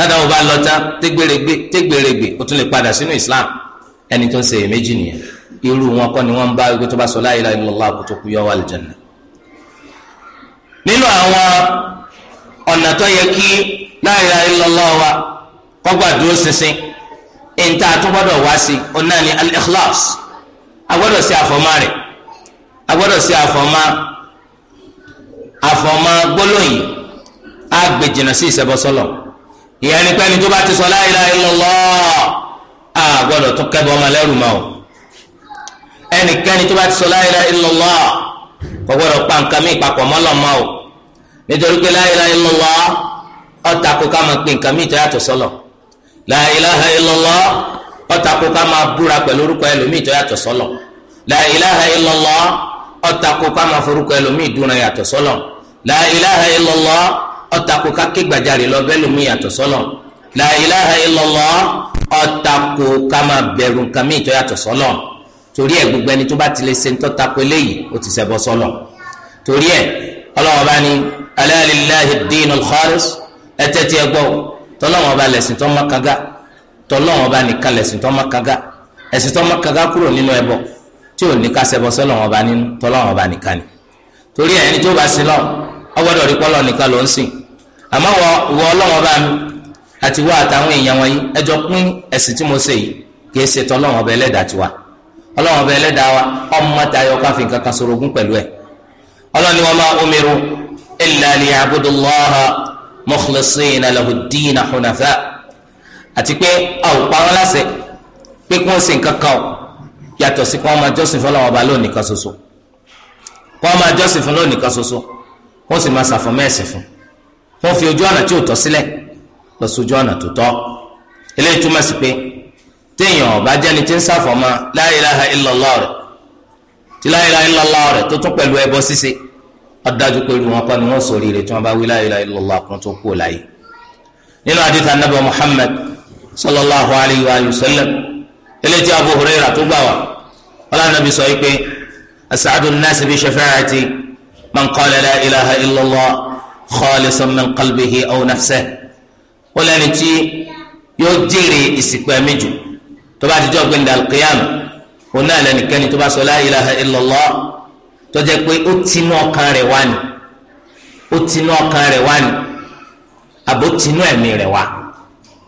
tádà wọn bá lọ tán tégbèrègbè tégbèrègbè ó tún lè padà sínú islam ẹni tó ń ṣe èméjì nìyẹn irú wọn kọ́ ni wọ́n ń bá wípé tó bá sọ la ilaha illallah kó tó kú yọ wà lìjànà. nínú àwọn ọ̀nà tó yẹ kí la ilaha illallah wa kọ́gbà dúró ṣinṣin ìta tó gbọ́dọ̀ wá sí ọ náà agbọ́dọ̀ sí àfọ̀mọ́ rẹ̀ agbọ́dọ̀ sí àfọ̀mọ́ àfọ̀mọ́ gbólóyìn á sí ìṣẹ́bọsọ́lọ̀ ìyẹn ni pé ẹni tó bá ti sọ la ilaha illallah a gbọ́dọ̀ tún kẹ́bọ̀ ọmọ lẹ́rù mọ́ o ẹnikẹ́ni tó bá ti sọ la ilaha illallah kò gbọ́dọ̀ pa nǹkan mi ìpapọ̀ mọ́ lọ́ mọ́ o nítorí pé la ilaha illallah ó tako ká máa pe nǹkan mi ìtọ́ yàtọ̀ sọ́lọ̀ la ilaha illallah ó tako ká máa búra pẹ̀lú orúkọ ẹlòmíì tó yàtọ̀ sọ́lọ̀ la ilaha illallah ká máa forúkọ ẹlòmíì dúnra yàtọ̀ sọ́lọ̀ la ilaha ọ̀tàkù káké gbàjarè lọ bẹ́ẹ̀ lómi yàtọ̀ la ilaha illallah ọ̀tàkù ká bẹ̀rù nǹkan ìtọ́ yàtọ̀ torí ẹ gbogbo ẹni tó bá ti ṣe ńtọ́ eléyìí ó ti torí ẹ̀ bá ní ẹ gbọ́ bá lẹ̀sìn tó má kaga bá lẹ̀sìn tó má kaga ẹ̀sìn tó má kaga kúrò nínú tí ò ní ká bá nínú bá àmọ́ wọ wọ ọlọ́wọ́n bá mi àti àtàwọn èèyàn wọ̀nyí ẹjọ́ pín ẹ̀sìn mo ṣe yìí kì í ṣe ọba ẹlẹ́dàá tiwa ọlọ́wọ́n ọba ẹlẹ́dàá wa ọmọ tayọ káfíń kankan sorogún pẹ̀lú ẹ̀ ni wọn máa omiru illa liya'budullaha mukhlisina lahu ddina àti pé àwọn parọ́ pé kí wọ́n ṣe nǹkan kan yàtọ̀ sí kí wọ́n máa jọ́sìn fún wọ́n fi ojú ọ̀nà tí ò tọ́ sílẹ̀ lọ sí ojú ọ̀nà tó tọ́ eléyìí túmọ̀ sí pé téèyàn ọba jẹ́ni tí ń ṣàfọ̀mọ́ la ilaha illallah rẹ̀ tí la ilaha illallah rẹ̀ tó tún pẹ̀lú ẹbọ ṣíṣe ọ̀dájú pé irú wọn kọ́ ni wọ́n sọ rírẹ̀ tí wọ́n bá wí la ilaha illallah kún tó kú láyé nínú àdìtà nàbẹ Muhammad sallallahu alayhi wa sallam eléyìí tí Abu Huraira tó gbà wá ọlọ́run nàbí sọ yìí pé as'adun nas shafa'ati man qala la ilaha khalisan من قلبه أو نفسه ó lẹ́ni tí yóò jèrè ìsìnkú عند jù tó bá dijọ́ gbẹ̀ndà alqiyam إله إلا الله. tó bá sọ la ilaha أبو tó jẹ́ pé ó tinú ọkàn rẹ̀ wá ni ó tinú ọkàn rẹ̀ wá ni àbó tinú ẹ̀mí rẹ̀ wá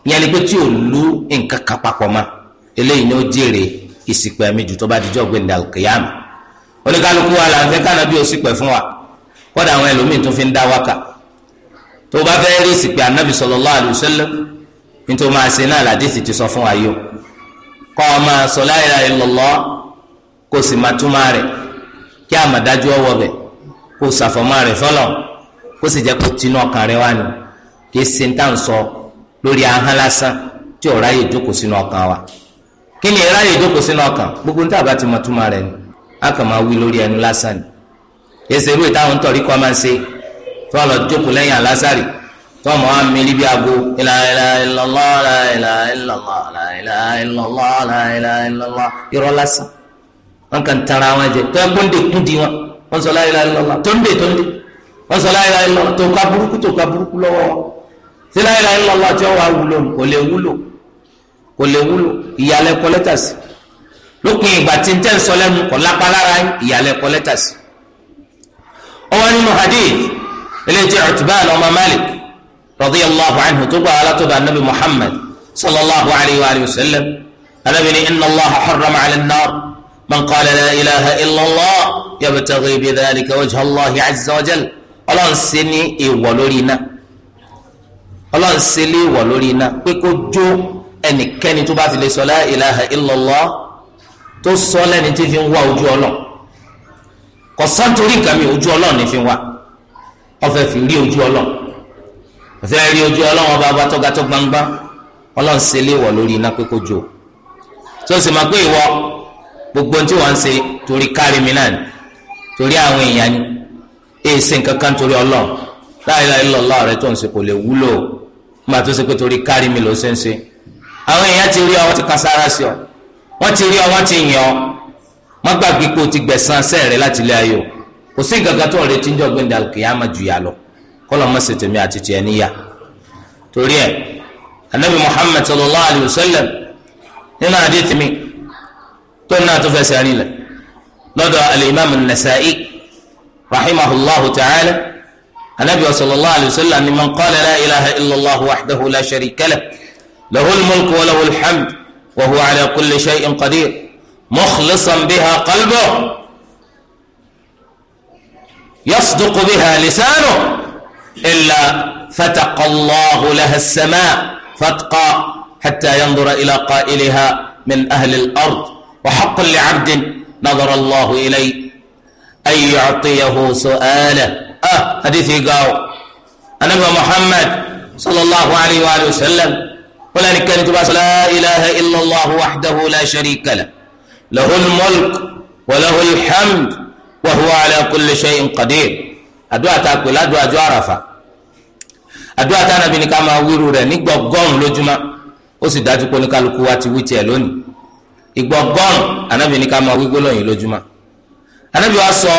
ìyẹn ni pé tí ò lu nǹkan kan papọ̀ mọ́ eléyìí ni ó jèrè ìsìnkú ẹ̀mí jù tó bá dijọ́ gbẹ̀ndà alqiyam oníkálukú wa là ń fẹ́ kánà bí ó sì pẹ̀ fún wa kọ́dà àwọn ẹlòmíì tó fi ń dá wákà tó o bá fẹ́ rí sìkpé anabi sallallahu alayhi wa sallam máa sọ fún wa yìí o kọ́ ọ máa sọ la ilaha kó o sì máa túmọ̀ rẹ̀ kí àmàdájú ọwọ́ bẹ̀ kó o sàfọ̀mọ́ rẹ̀ fọlọ́ kó o sì jẹ́ kó sọ lórí lásán wa kí ni ráyè jókòó sínú gbogbo níta bá a kàn máa wí lórí ẹnu lásán ni èsèrú tọ̀rí tó wà lọ jókòó lẹ́yìn alásàrì tó wà mọ́ wá mi níbi aago la ilaha illallah la ilaha illallah la ilaha illallah la ilaha illallah irọ́ lásán wọn kàn tara wọn jẹ tó yẹ kó ń de kú di wọn wọn sọ la ilaha illallah tó ń de tó ń de wọn sọ la ilaha illallah tó ká burúkú tó ká burúkú lọ́wọ́ sí la ilaha illallah tí wọn wà wúlò kò lè wúlò kò lè wúlò ìyàlẹ̀ kọ́ lópin ìgbà tí n tẹ́ ń sọ lẹ́nu kọ́ lápá lára ìyàlẹ̀ kọ́ ọwọ́ nínú hadith eléyìí tí Utban ọmọ Malik radiyallahu anhu tó gba alátọ́dọ̀ anabi Muhammad sallallahu alayhi wa sallam anabi ni inna Allaha harrama ala an-nar man qala la ilaha illallah yabtaghi bi dhalika wajha Allahi azza wa jal ọlọ́run ṣe ní ìwọ̀ lórí iná ọlọ́run ṣe lé ìwọ̀ lórí iná pé kó jó ẹnikẹ́ni tó bá fi lè sọ ilaha illallah tó sọ lẹ́ni tí fi ń wá ojú ọlọ́ kọ̀sán torí nǹkan mi ojú ọlọ́run ni fi ń wá ọfẹ fi rí ojú Ọlọ́run ọfẹ rí ojú Ọlọ́run ọba ọba tọga tó gbangba Ọlọ́run ṣe lé wọ lórí iná pé kó jó tó sì máa pé ìwọ gbogbo tí wọn ń ṣe torí kárí náà ni torí àwọn èèyàn ni èyí ṣe nǹkan torí Ọlọ́run la ilaha illallah rẹ tó ń ṣe kò lè wúlò nígbà tó ṣe pé torí kárí mi ló ṣe ń ṣe àwọn èèyàn ti rí ọ wọn ti kan sára sí ọ wọn ti rí ọ wọn ti yàn ọ wọn gbàgbé pé o ti gbẹ̀san sẹ́ẹ̀rẹ́ láti ilé ayò kò sí gàgà tó ọ̀rẹ́ tí ń jọ gbẹ̀ndà kìyàmà jù yà lọ kọ́lọ̀ má ṣe tèmi àti tiẹ̀ níyà torí ẹ̀ anabi muhammed sallallahu alayhi wa sallam nínú adé tèmi tó náà tó fẹsẹ̀ rìn lẹ̀ lọ́dọ̀ alimami nasa'i rahimahulahu ta'ala anabi sallallahu alayhi wa sallam ni man qala la ilaha illallah wahdahu la sharika lah lahul mulku wa lahul hamd wa huwa ala kulli shay'in qadir mukhlisan biha qalbahu. يصدق بها لسانه إلا فتق الله لها السماء فتقى حتى ينظر إلى قائلها من أهل الأرض وحق لعبد نظر الله إليه أن يعطيه سؤاله أه حديثي قاو أنا محمد صلى الله عليه وآله وسلم ولا نكن تباس لا إله إلا الله وحده لا شريك له له الملك وله الحمد wa huwa ala kulli shay'in qadir àdúrà tá a pè ládùú àjọ àràfà àdúrà tá a nàbí ni ká máa wíru rẹ̀ ní gbọgọrùn lójúmọ́ ó sì dájú pé oníkálukú wa ti wí tiẹ̀ lónìí ìgbọgọrùn ànábì ni ká máa wí gbólóyìn lójúmọ́ ànábì wa sọ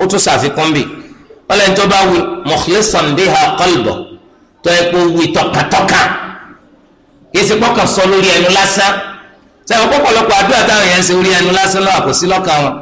ó tún ṣàfikún bì ọlẹ́ni tó bá wí mukhlisan biha qalbo tó yẹ kó wí tọkàtọkà kìí pọ́kàn sọ lórí ẹnu lásán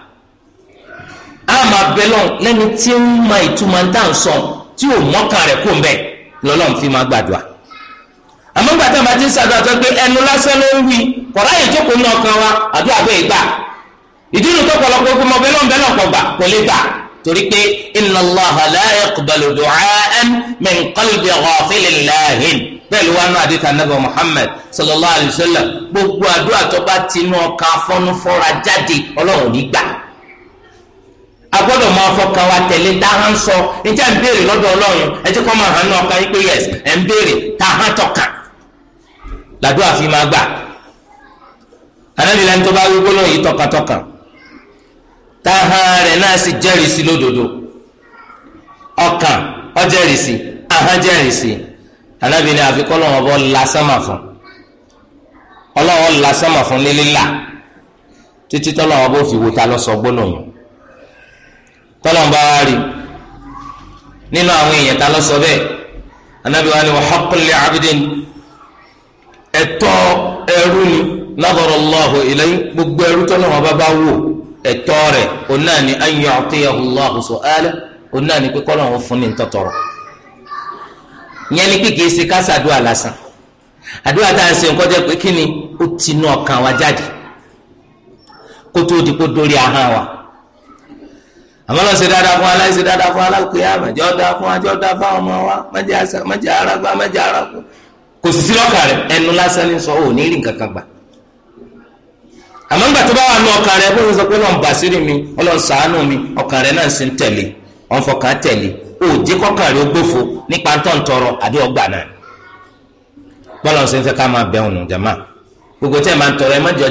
a máa bẹ lọ́n lẹ́ni tí ń ma ìtumọ̀ ń tà ń sọ tí ò mọ́kàn rẹ̀ kó ń bẹ̀ lọ́lọ́run fi máa gbàdúrà àmọ́ gbàtà máa ti ń sàdúrà tó pé ẹnu lásán ló ń wí kọ̀ọ̀rọ̀ àyè jókòó ní ọkàn wa àdúrà bẹ́ẹ̀ gbà ìdí tó pọ̀lọpọ̀ gbọmọ bẹ́ẹ̀ lọ́n kọ̀ gbà kò lè gbà torí pé inna Allaha la yaqbalu du'a'an min qalbi bẹ́ẹ̀ ló wá nù àdìtà nàbà Muhammad sallallahu alayhi wa sallam gbogbo àdúrà tó bá tinú ọkàn afọ́nufọ́ra jáde Ọlọ́run ní gbà a gbọ́dọ̀ máa fọkàn wa tẹ̀lé dáhà ń sọ níta ń béèrè lọ́dọ̀ Ọlọ́run ẹ ti kọ́ máa hàn ní ọkàn yín pé yẹs ẹ ń béèrè táhà tọkàn làdó àfi máa gbà anábìlẹ̀ ní tó bá wí gbólóhùn yìí tọkàntọkàn táhà rẹ̀ náà sì jẹ́rìí sí lódodo ọkàn ó jẹ́rìí sí ahọ́n jẹ́rìí sí anábìlẹ̀ àfi kọ́ lọ́wọ́ bọ́ lásánmà fún ọlọ́wọ́ lásánmà fún lílílà títí tọ́lọ́wọ́ bó fi wò ta lọ́sọ gbólóhùn tọ́lọ́mbà wa rí nínú àwọn èèyàn tá lọ sọ bẹ́ẹ̀ anabi wa ni wa haqqul abidin ẹ̀tọ́ ẹrú ni nadara Allahu ilayhi gbogbo ẹrú tọ́lọ́ wọn bá bá wò ẹ̀tọ́ rẹ̀ òun náà ni an yu'tiyahu Allahu su'alahu òun náà ni pé kọ́lọ́ wọn fún ní ntọ́tọ̀rọ̀ yẹn ni pé kìí ṣe kásádùá lásán àdúrà tá à ṣe nǹkan jẹ́ pé kí ni ó ti nú ọkàn wa jáde kó tó dórí ahọ́n wa àmọ́ lọ́ọ́ ṣe dáadáa fún wa láì ṣe dáadáa fún wa láì pé àmọ́ jọ́ dáa fún wa jọ́ dáa fún àwọn ọmọ wa mẹ́jẹ arágbá mẹ́jẹ arákù kò sì sí lọ́kàn rẹ̀ ẹnu lásán ní sọ ò ní rí nǹkan kan gbà àmọ́ ńgbà tó bá wà ní ọkàn rẹ̀ bó ṣe sọ pé Ọlọ́run bàṣírí mi Ọlọ́run ṣàánú mi ọkàn rẹ̀ náà sì ń tẹ̀lé ọ̀nfọ̀kàn tẹ̀lé òjì kọ́kàn rẹ̀ ó gbófo nípa tọ̀ntọ̀rọ ń tọrọ ẹ má jọ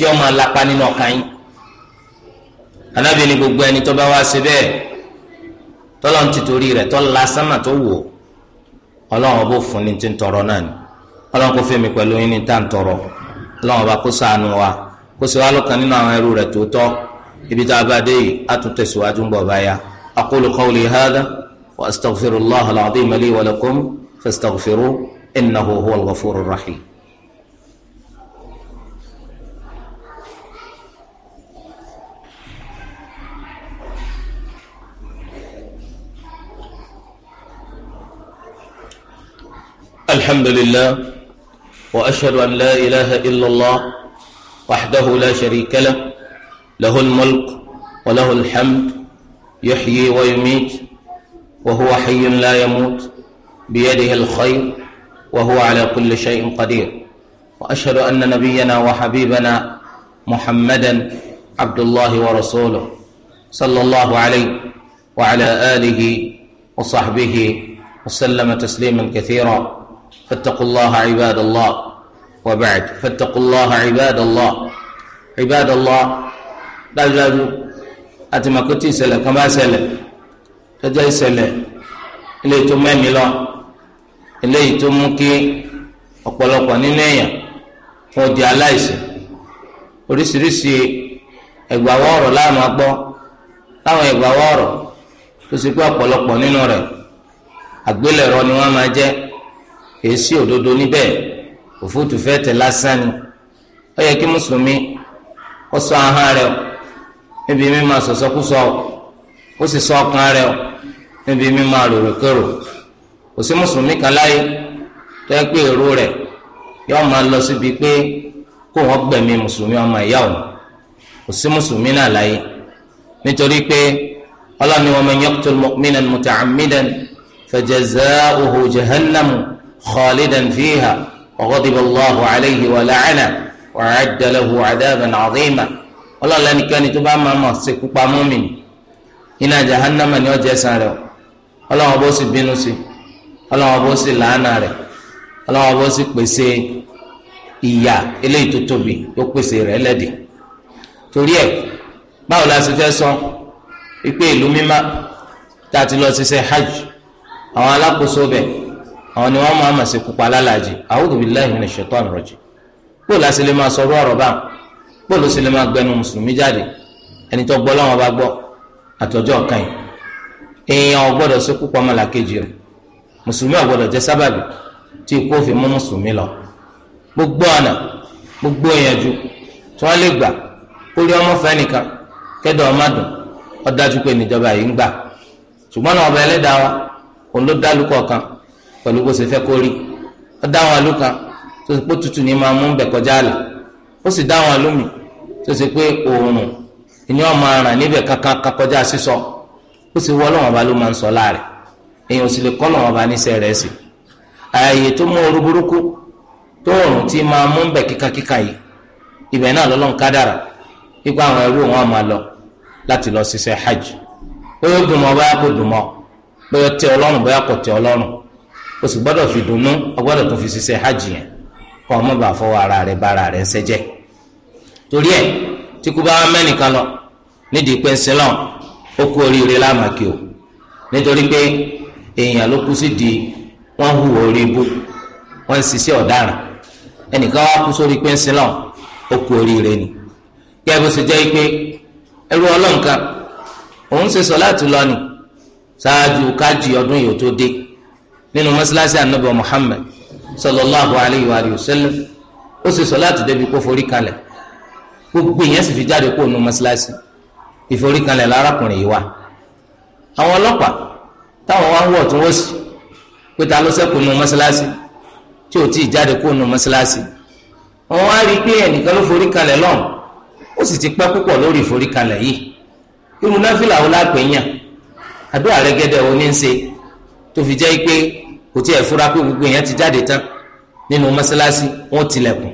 jẹ́ Ànábì ní gbogbo ẹni tó bá wá sí bẹ́ẹ̀ tọ́lọ́ ń tìtorí rẹ̀ tọ́ la sánmà tó wò ọlọ́run bó fún ni ti ń tọrọ náà ni ọlọ́run kò fẹ́mi pẹ̀lú yín ní tá ń tọrọ ọlọ́run bá kó ṣàánú wa kó sì wá lọ́kàn nínú àwọn ẹrú rẹ̀ tòótọ́ ibi tá a bá dé yìí á tún tẹ̀síwájú ń bọ̀ báyà aqulu qawli hadha wa astaghfirullaha al-azim li wa lakum fastaghfiruhu innahu huwal rahim. الحمد لله وأشهد أن لا إله إلا الله وحده لا شريك له له الملك وله الحمد يحيي ويميت وهو حي لا يموت بيده الخير وهو على كل شيء قدير وأشهد أن نبينا وحبيبنا محمدا عبد الله ورسوله صلى الله عليه وعلى آله وصحبه وسلم تسليما كثيرا فاتقوا الله عباد الله وبعد فاتقوا الله عباد الله عباد الله dájúdájú láti mọ̀ kó tí ìṣẹ̀lẹ̀ kan bá ṣẹlẹ̀ tọ́jọ́ ìṣẹ̀lẹ̀ eléyìí tó mẹ́mi lọ eléyìí tó mú kí ọ̀pọ̀lọpọ̀ nínú èèyàn fún odi aláìsí oríṣiríṣi ẹ̀gbàwọ́ ọ̀rọ̀ láàmú agbọ́ láwọn ẹ̀gbàwọ́ ọ̀rọ̀ tó sì pé ọ̀pọ̀lọpọ̀ nínú rẹ̀ àgbélẹ̀rọ ni wọ́n máa jẹ́ èsì òdodo níbẹ̀ òfútu fẹ́ tẹ̀ lásán ni ó yẹ kí mùsùlùmí kó ṣọ́ ahọ́n rẹ̀ o níbi mímọ sọ̀sọ́kúsọ ó sì ṣọ́ ọkàn rẹ̀ o níbi mímọ rorokoro kò sí mùsùlùmí kan láyé tó yẹ pé èrò rẹ̀ yóò máa lọ síbi pé kó wọ́n gbẹ̀mí mùsùlùmí ọmọ ìyá òun kò sí mùsùlùmí náà láyé nítorí pé ọlọ́ni wa man yaqtul mu'minan muta'ammidan fajaza'uhu jahannamu. خالدا فيها وغضب الله عليه ولعنه وأعد له عذابا عظيما والله لأن كان تبع ما ما سكوبا مؤمن إلى جهنم أن يوجه ساره الله أبوسي بنوسي الله أبوسي لعناره الله أبوسي بسي ìyà eléyìí tó tóbi tó pèsè rẹ̀ lẹ́dí torí ẹ̀ báwo la ṣe fẹ́ sọ wípé ìlú mímá tá a ti lọ ṣiṣẹ́ hajj àwọn alákòóso bẹ́ẹ̀ àwọn ni wọ́n máa ma ṣe kópa alálàájì a'udhu billahi minash shaitani rajim bóòlù àti lè máa sọ̀rọ̀ ọ̀rọ̀ báà bóòlù sì lè máa gbẹnu mùsùlùmí jáde ẹni tó gbọ́ lọ́wọ́ bá gbọ́ àtọ́jọ́ kan yìí èèyàn ò gbọ́dọ̀ ṣe kópa ọmọlàkejì rẹ̀ mùsùlùmí ò gbọ́dọ̀ jẹ́ sábàbí tí ikú òfin mú mùsùlùmí lọ gbogbo ọ̀nà gbogbo ìyànjú tí wọ́n lè gbà kórí ọmọ fẹ́ kẹ́dọ̀ ọmọ pẹ̀lú bó ṣe fẹ́ kó rí ó dá àwọn àlù kan tó ṣe pé tutù ní máa mú bẹ̀ kọjá àlà ó sì dá àwọn àlù mi tó ṣe pé ìní ọmọ aràn níbẹ̀ kankan kọjá sísọ ó sì wọ́ ọlọ́wọ́n ń sọ láàrẹ̀ èèyàn ò sì lè kọ́ níṣẹ́ rẹ̀ sí ààyè tó mú burúkú tó tí máa mú yìí ibẹ̀ o sì gbọ́dọ̀ fi dùnnú o gbọ́dọ̀ tó fi ṣiṣẹ́ hajj yẹn kọ́ ọ mọ́ bàa fọwọ́ ara rẹ bá ara rẹ ń ṣẹ́jẹ́ torí ẹ̀ tí kú bá mẹ́nìkan lọ nídìí pé ń ó kú oríire lámàkì o nítorí pé èèyàn ló kú sí di wọ́n hu orí ibú wọ́n ń ṣiṣẹ́ ọ̀daràn ẹnìkan wá kú sórí pé ń sílọ̀ ó kú oríire ni kí ẹ bó ṣe jẹ́ pé ẹrú ọlọ́nkan òun ṣe sọ láti lọ ni ṣáájú kájí ọdún yìí ó tó dé nínú mọ́sálásí anabi muhammed sallallahu alayhi wa sallam ó sì sọláàtì débi kó forí kalẹ̀ gbogbo ìyẹn sì fi jáde kó nu mọ́sálásí ìforí kalẹ̀ lárakùnrin yìí wá àwọn ọlọ́pàá táwọn wá ń wọ̀ tó wọ́n sì pé ta ló ṣẹ́kù nu mọ́sálásí tí ò tí ì jáde kó nu mọ́sálásí wọn wá rí i pé ẹnìkan ló forí kalẹ̀ lọ́hùn ó sì ti pẹ́ púpọ̀ lórí ìforí kalẹ̀ yìí irun náfìlà wo lápẹ̀ yàn àdúrà rẹ gẹ́dẹ̀ wo ń ṣe tó fi jẹ́ pé kò tí ẹ̀ fura pé gbogbo èèyàn ti jáde tán nínú mọ́sálásí wọ́n tilẹ̀kùn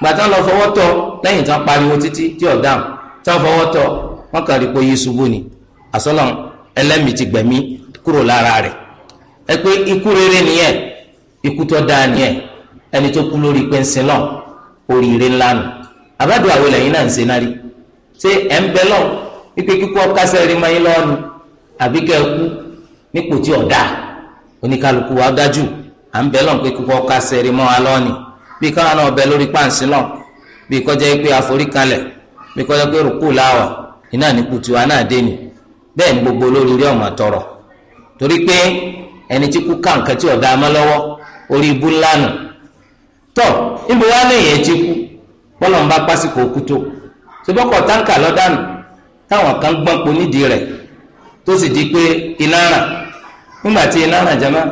gbàtà lọ fọwọ́ tọ́ lẹ́yìn tán pariwo títí tí ò dáhùn tán fọwọ́ tọ́ wọ́n kàn rí pé yí ṣubú ni àsọlọ ẹlẹ́mìí ti gbẹ̀mí kúrò lára rẹ̀ ẹ pé ikú rere nìyẹn ikú tó dáa nìyẹn ẹni tó kú lórí pé ń sin lọ oríire ńlá nù àbádùn àwọn ẹlẹ́yìn náà ń ṣe náà rí ṣé ẹ̀ ń bẹ lọ wípé kíkọ́ kásẹ̀ rí máa ń lọ́ọ́ nu ẹ kú nípò tí ọ̀dà oníkálukú wa dájú à ń bẹ lọ́n pé kíkọ́ ká sẹ́rí mọ́ wa lọ́ọ̀nì bí káwọn náà bẹ lórí páǹsì náà bí kọjá pé àforíkalẹ̀ bí kọjá pé rúkú láwà iná nípò tí wa náà dé ni bẹ́ẹ̀ ni gbogbo olórí rí ọ̀mà tọrọ torí pé ẹni tí kú ká nǹkan tí ọ̀dà mọ́ lọ́wọ́ orí ibú ńlá nù tọ́ níbo wá lẹ́yìn ẹ̀ ti kú bọ́lọ̀ ń bá pásìkò òkúto ṣùgbọ́kọ̀ táǹkà lọ́dànù táwọn kan gbọ́n po nídìí rẹ̀ tó sì di pé iná ràn nígbà tí iná ràn jama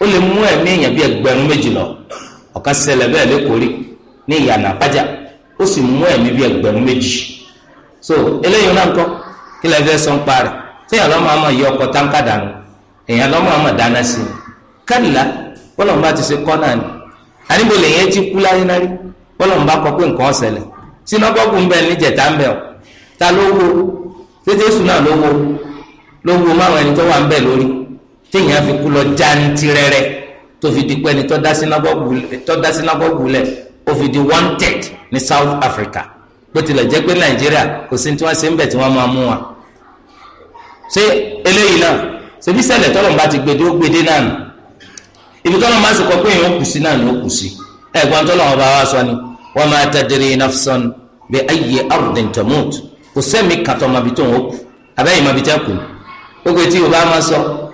ó lè mú bi èèyàn bíi ẹgbẹ̀rún méjì lọ ọ̀kan ṣẹlẹ̀ bẹ́ẹ̀ lẹ́kọ̀ọ́rí ní ìyànà pàjá ó sì mú méjì so eléyìí náà ń kọ́ kí lè fẹ́ sọ ń pa rẹ̀ tí èèyàn lọ́mọ àmọ̀ yọ ọkọ̀ táǹkà dànù èèyàn lọ́mọ àmọ̀ dáná sí i bọ́lọ̀mù bá ti ṣe kọ́ náà ni àníbo ti kú láyé náà rí bọ́lọ̀mù bá kọ pé nǹkan ọ̀sẹ̀lẹ̀ ń ọ́ ta ló wo tètè sùn náà ló wo ló wo máwọn ẹni tó téèyàn fi kú lọ jáǹtì rẹrẹ tó fi di pẹ́ni tó dá sínágọ́gù lẹ̀ ó fi di wanted ní South Africa bó tilẹ̀ jẹ́ pé Nàìjíríà kò sí tí wọ́n ṣe ń bẹ̀ tí wọ́n máa mú wa. ṣé eléyìí náà ṣebí ṣẹlẹ̀ tọ́lọ̀ bá ti gbèdé ó gbèdé náà nù ibi tọ́lọ̀ bá sì pé èèyàn ó kù sí náà ni ó kù sí ẹ̀gbọ́n tọ́lọ̀ wọn bá wa sọ ni wa ma tadri nafsun bi ayyi ardin tamut kò sẹ́mi kàtọ́ màbí tó ń kù àbẹ́yìn màbí tẹ́ kù ó gbé tí Yorùbá máa sọ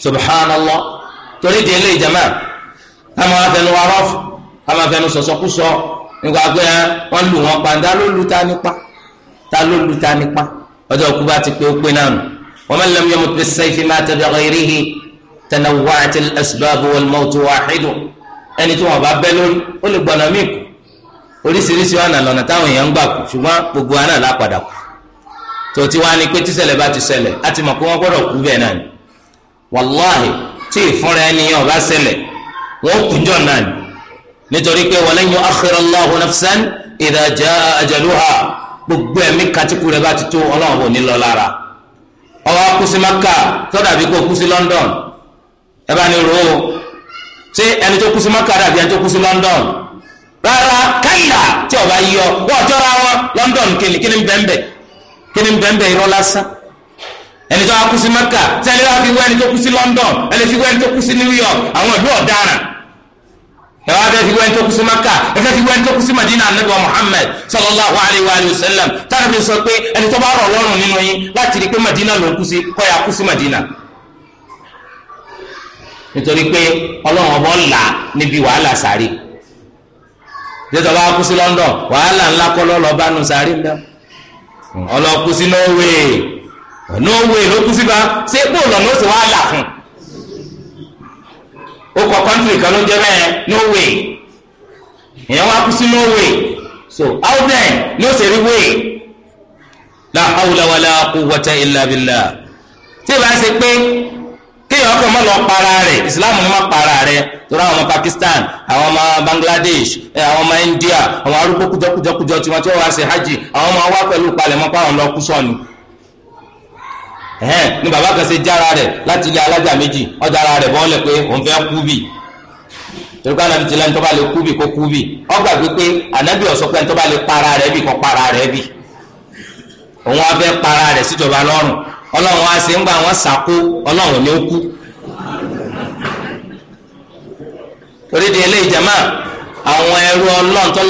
subhanallah torí di ilé ìjàmá àmọ́ afẹnu arọfù àmọ́ afẹnu sọsọkúsọ nígbà pé wọn lù wọn pa ta ló lù ta nípa ta ló lù ta nípa ọjọ́ òkú bá ti pé ó pé náà nù wa man lam yamut bis-sayfi mata bighayrihi tanawwa'at al-asbab wal-mawtu wahidun ẹni tí wọn bá bẹ́ lórí ó lè gbọ̀nà míì kù oríṣiríṣi ọ̀nà lọ́nà táwọn èèyàn ń gbà kú ṣùgbọ́n gbogbo àná làá padà kù tó ti wá pé tíṣẹ̀lẹ̀ bá ti ṣẹlẹ̀ mọ̀ pé wọ́n gbọ́dọ̀ kú bẹ́ẹ̀ náà ni wàláhì tí ìfúnra ẹni yẹn ọba ṣẹlẹ̀ wọn kùnjọ náà ni nítorí pé walan yu'akhkhira Allahu nafsan idha jaa ajaluha gbogbo ẹ̀mí katikù rẹ̀ bá ti tó ọlọ́run ò ní lọ lára ọwọ́ kùsì maka tọ́dà bí kò kùsì London ẹ bá ní ro o ṣé ẹni tó kùsì dàbí ẹni tó kùsì London rárá káyìlá tí ọba yíyọ wọ́n ọjọ́ ra wọn London kìnnìkìnnì bẹ́ẹ̀ bẹ́ẹ̀ kìnnìkìnnì bẹ́ẹ̀ bẹ́ẹ̀ irọ́ lásán ẹni tó wá kú sí Mẹ́kà sẹ́ni wá fi wẹ́ ẹni tó kú sí London ẹni fi wẹ́ ẹni tó kú sí New York àwọn ìlú ọ̀daràn ẹ wá fẹ́ fi wẹ́ ẹni tó kú sí Mẹ́kà ẹ fẹ́ fi wẹ́ ẹni tó kú sí Madina anabiwa Muhammad sallallahu alayhi wa sallam tára fi sọ pé ẹni tó bá rọ̀ lọ́rùn nínú yín láti rí i pé Madina ló ń kú sí kọ́ ya kú sí Madina nítorí pé ọlọ́run ọbọ̀ là níbi wàhálà sáré jẹ́tọ̀ bá kú sí London wàhálà ńlá kọ́ lọ́ọ́ lọ́ọ́ bá nù sáré ńlá ọlọ́ọ̀ kú sí Norway norway ló kú síba ṣé bóòlù ọ̀nà ó sì wáá là fún ó kọ kọ́ńtìrì kan ló jẹ́ bẹ́ẹ̀ norway ìyẹn wá kú sí so how then ni ó rí way la hawla wala quwwata illa billah tí ìbá ṣe pé kéèyàn ọkọ lọ rẹ ni rẹ àwọn pakistan àwọn ọmọ bangladesh eh, àwọn ọmọ india àwọn arúgbó kújọkújọkújọ tiwọn tí wọn wá ṣe hajj àwọn ọmọ wa pa àwọn lọ kú ẹhẹn ni baba kan ṣe jára rẹ̀ láti ilé alájà méjì ọ rẹ̀ bọ́ọ̀lẹ̀ pé òun fẹ́ kú bì tẹ̀lifá nàbì tí lẹ́nu tó bá lè kú bì kó kú bì ọgbà pípé ànábì ọ̀sọ́ pé tó bá lè para rẹ̀ bì kó para rẹ̀ bì òun wá fẹ́ para rẹ̀ síjọba lọ́rùn ọlọ́run wá sí ńgbà wọn sàkó ọlọ́run ni ó kú torí di àwọn ẹrú ọlọ́run tó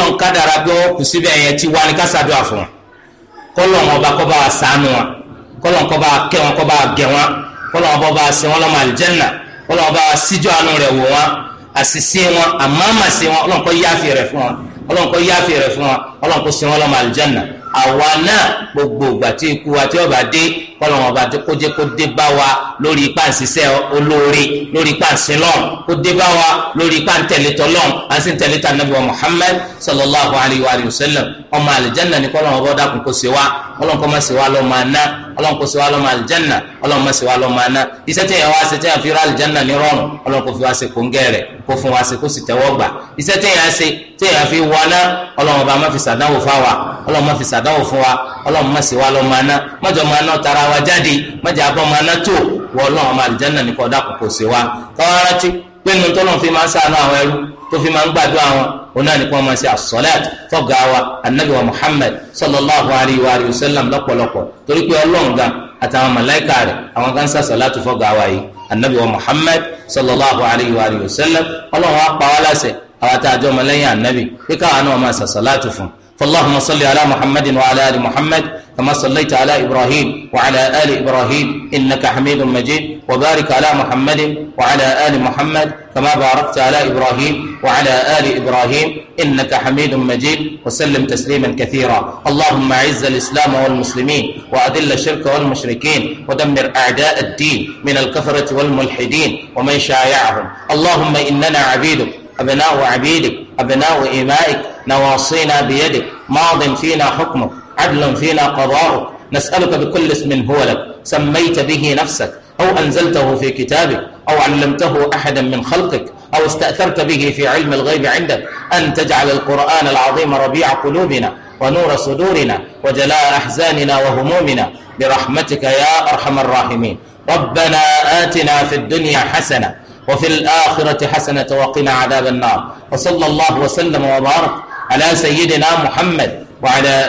lọ́n kọ́lọ́n kọ́ bá kẹ́ wọn kọ́ bá gẹ̀ wọn kọ́lọ́n bọ́ bá ṣe wọn lọ́mọ àlìjẹ́nà kọ́lọ́n bá síjọ́ àánú rẹ̀ wò wọn àṣìṣe wọn àmọ́ àmàṣe wọn ọlọ́nkọ́ yáfi rẹ̀ fún wọn ọlọ́nkọ́ yáfi rẹ̀ fún wọn ọlọ́nkọ́ ṣe wọn lọ́mọ àlìjẹ́nà àwa náà gbogbo ìgbà tí ikú wa tí ọba dé kọlọ wọn bá kó jẹ kó dé bá wa lórí ipá nsísẹ olóore lórí ipá nsílọ kó dé bá wa lórí ipá ntẹlẹtọ lọ àti ntẹlẹtọ anabi wa muhammed sallallahu alayhi wa sallam ọmọ alijanna ni kọlọ wọn bá dákun kó ṣe wa kọlọ kó má ṣe wa lọ máa ná kọlọ kó ṣe wa lọ máa alijanna kọlọ má ṣe wa lọ máa ná iṣẹ́ tẹyẹ wa ṣe tẹyẹ fi ra alijanna ní rọrùn kọlọ kó fi wa ṣe kó ń gẹrẹ kó fún wa ṣe kó sì tẹ́wọ́ gbà iṣẹ́ tẹyẹ ṣe tẹyẹ fi fi sàdánwò sàdáwò fún wa ọlọ́run má sì wá lọ́ máa ná mọ́jọ máa ná tara wa jáde mọ́jọ abọ́ máa ná tó wọ ọlọ́run ọmọ àlùjáná ní kọ́dá kò kò sí wa káwọn rántí pé tọ́lọ́run fi máa ń sàánú àwọn ẹrú tó fi máa ń gbàdúrà wọn òun náà ní kí wọ́n máa ṣe àsọ̀lẹ́t tọ́gà wa anabi wa muhammed sallallahu alayhi wa sallam lọ́pọ̀lọpọ̀ torí pé ọlọ́run gan àtàwọn màláìkà rẹ̀ àwọn kan sàṣọ̀látù fọ́gà wa yìí anabi wa muhammed sallallahu alayhi wa sallam ọlọ́run wa pa wá láṣẹ àwọn àtàjọ́ ọmọlẹ́yìn anabi pé káwọn náà máa ṣàṣọ̀látù fún un فاللهم صل على محمد وعلى ال محمد كما صليت على ابراهيم وعلى ال ابراهيم انك حميد مجيد وبارك على محمد وعلى ال محمد كما باركت على ابراهيم وعلى ال ابراهيم انك حميد مجيد وسلم تسليما كثيرا اللهم اعز الاسلام والمسلمين واذل الشرك والمشركين ودمر اعداء الدين من الكفره والملحدين ومن شايعهم اللهم اننا عبيدك أبناء عبيدك أبناء إمائك نواصينا بيدك ماض فينا حكمك عدل فينا قضاؤك نسألك بكل اسم هو لك سميت به نفسك أو أنزلته في كتابك أو علمته أحدا من خلقك أو استأثرت به في علم الغيب عندك أن تجعل القرآن العظيم ربيع قلوبنا ونور صدورنا وجلاء أحزاننا وهمومنا برحمتك يا أرحم الراحمين ربنا آتنا في الدنيا حسنة وفي الآخرة حسنة وقنا عذاب النار وصلى الله وسلم وبارك على سيدنا محمد وعلى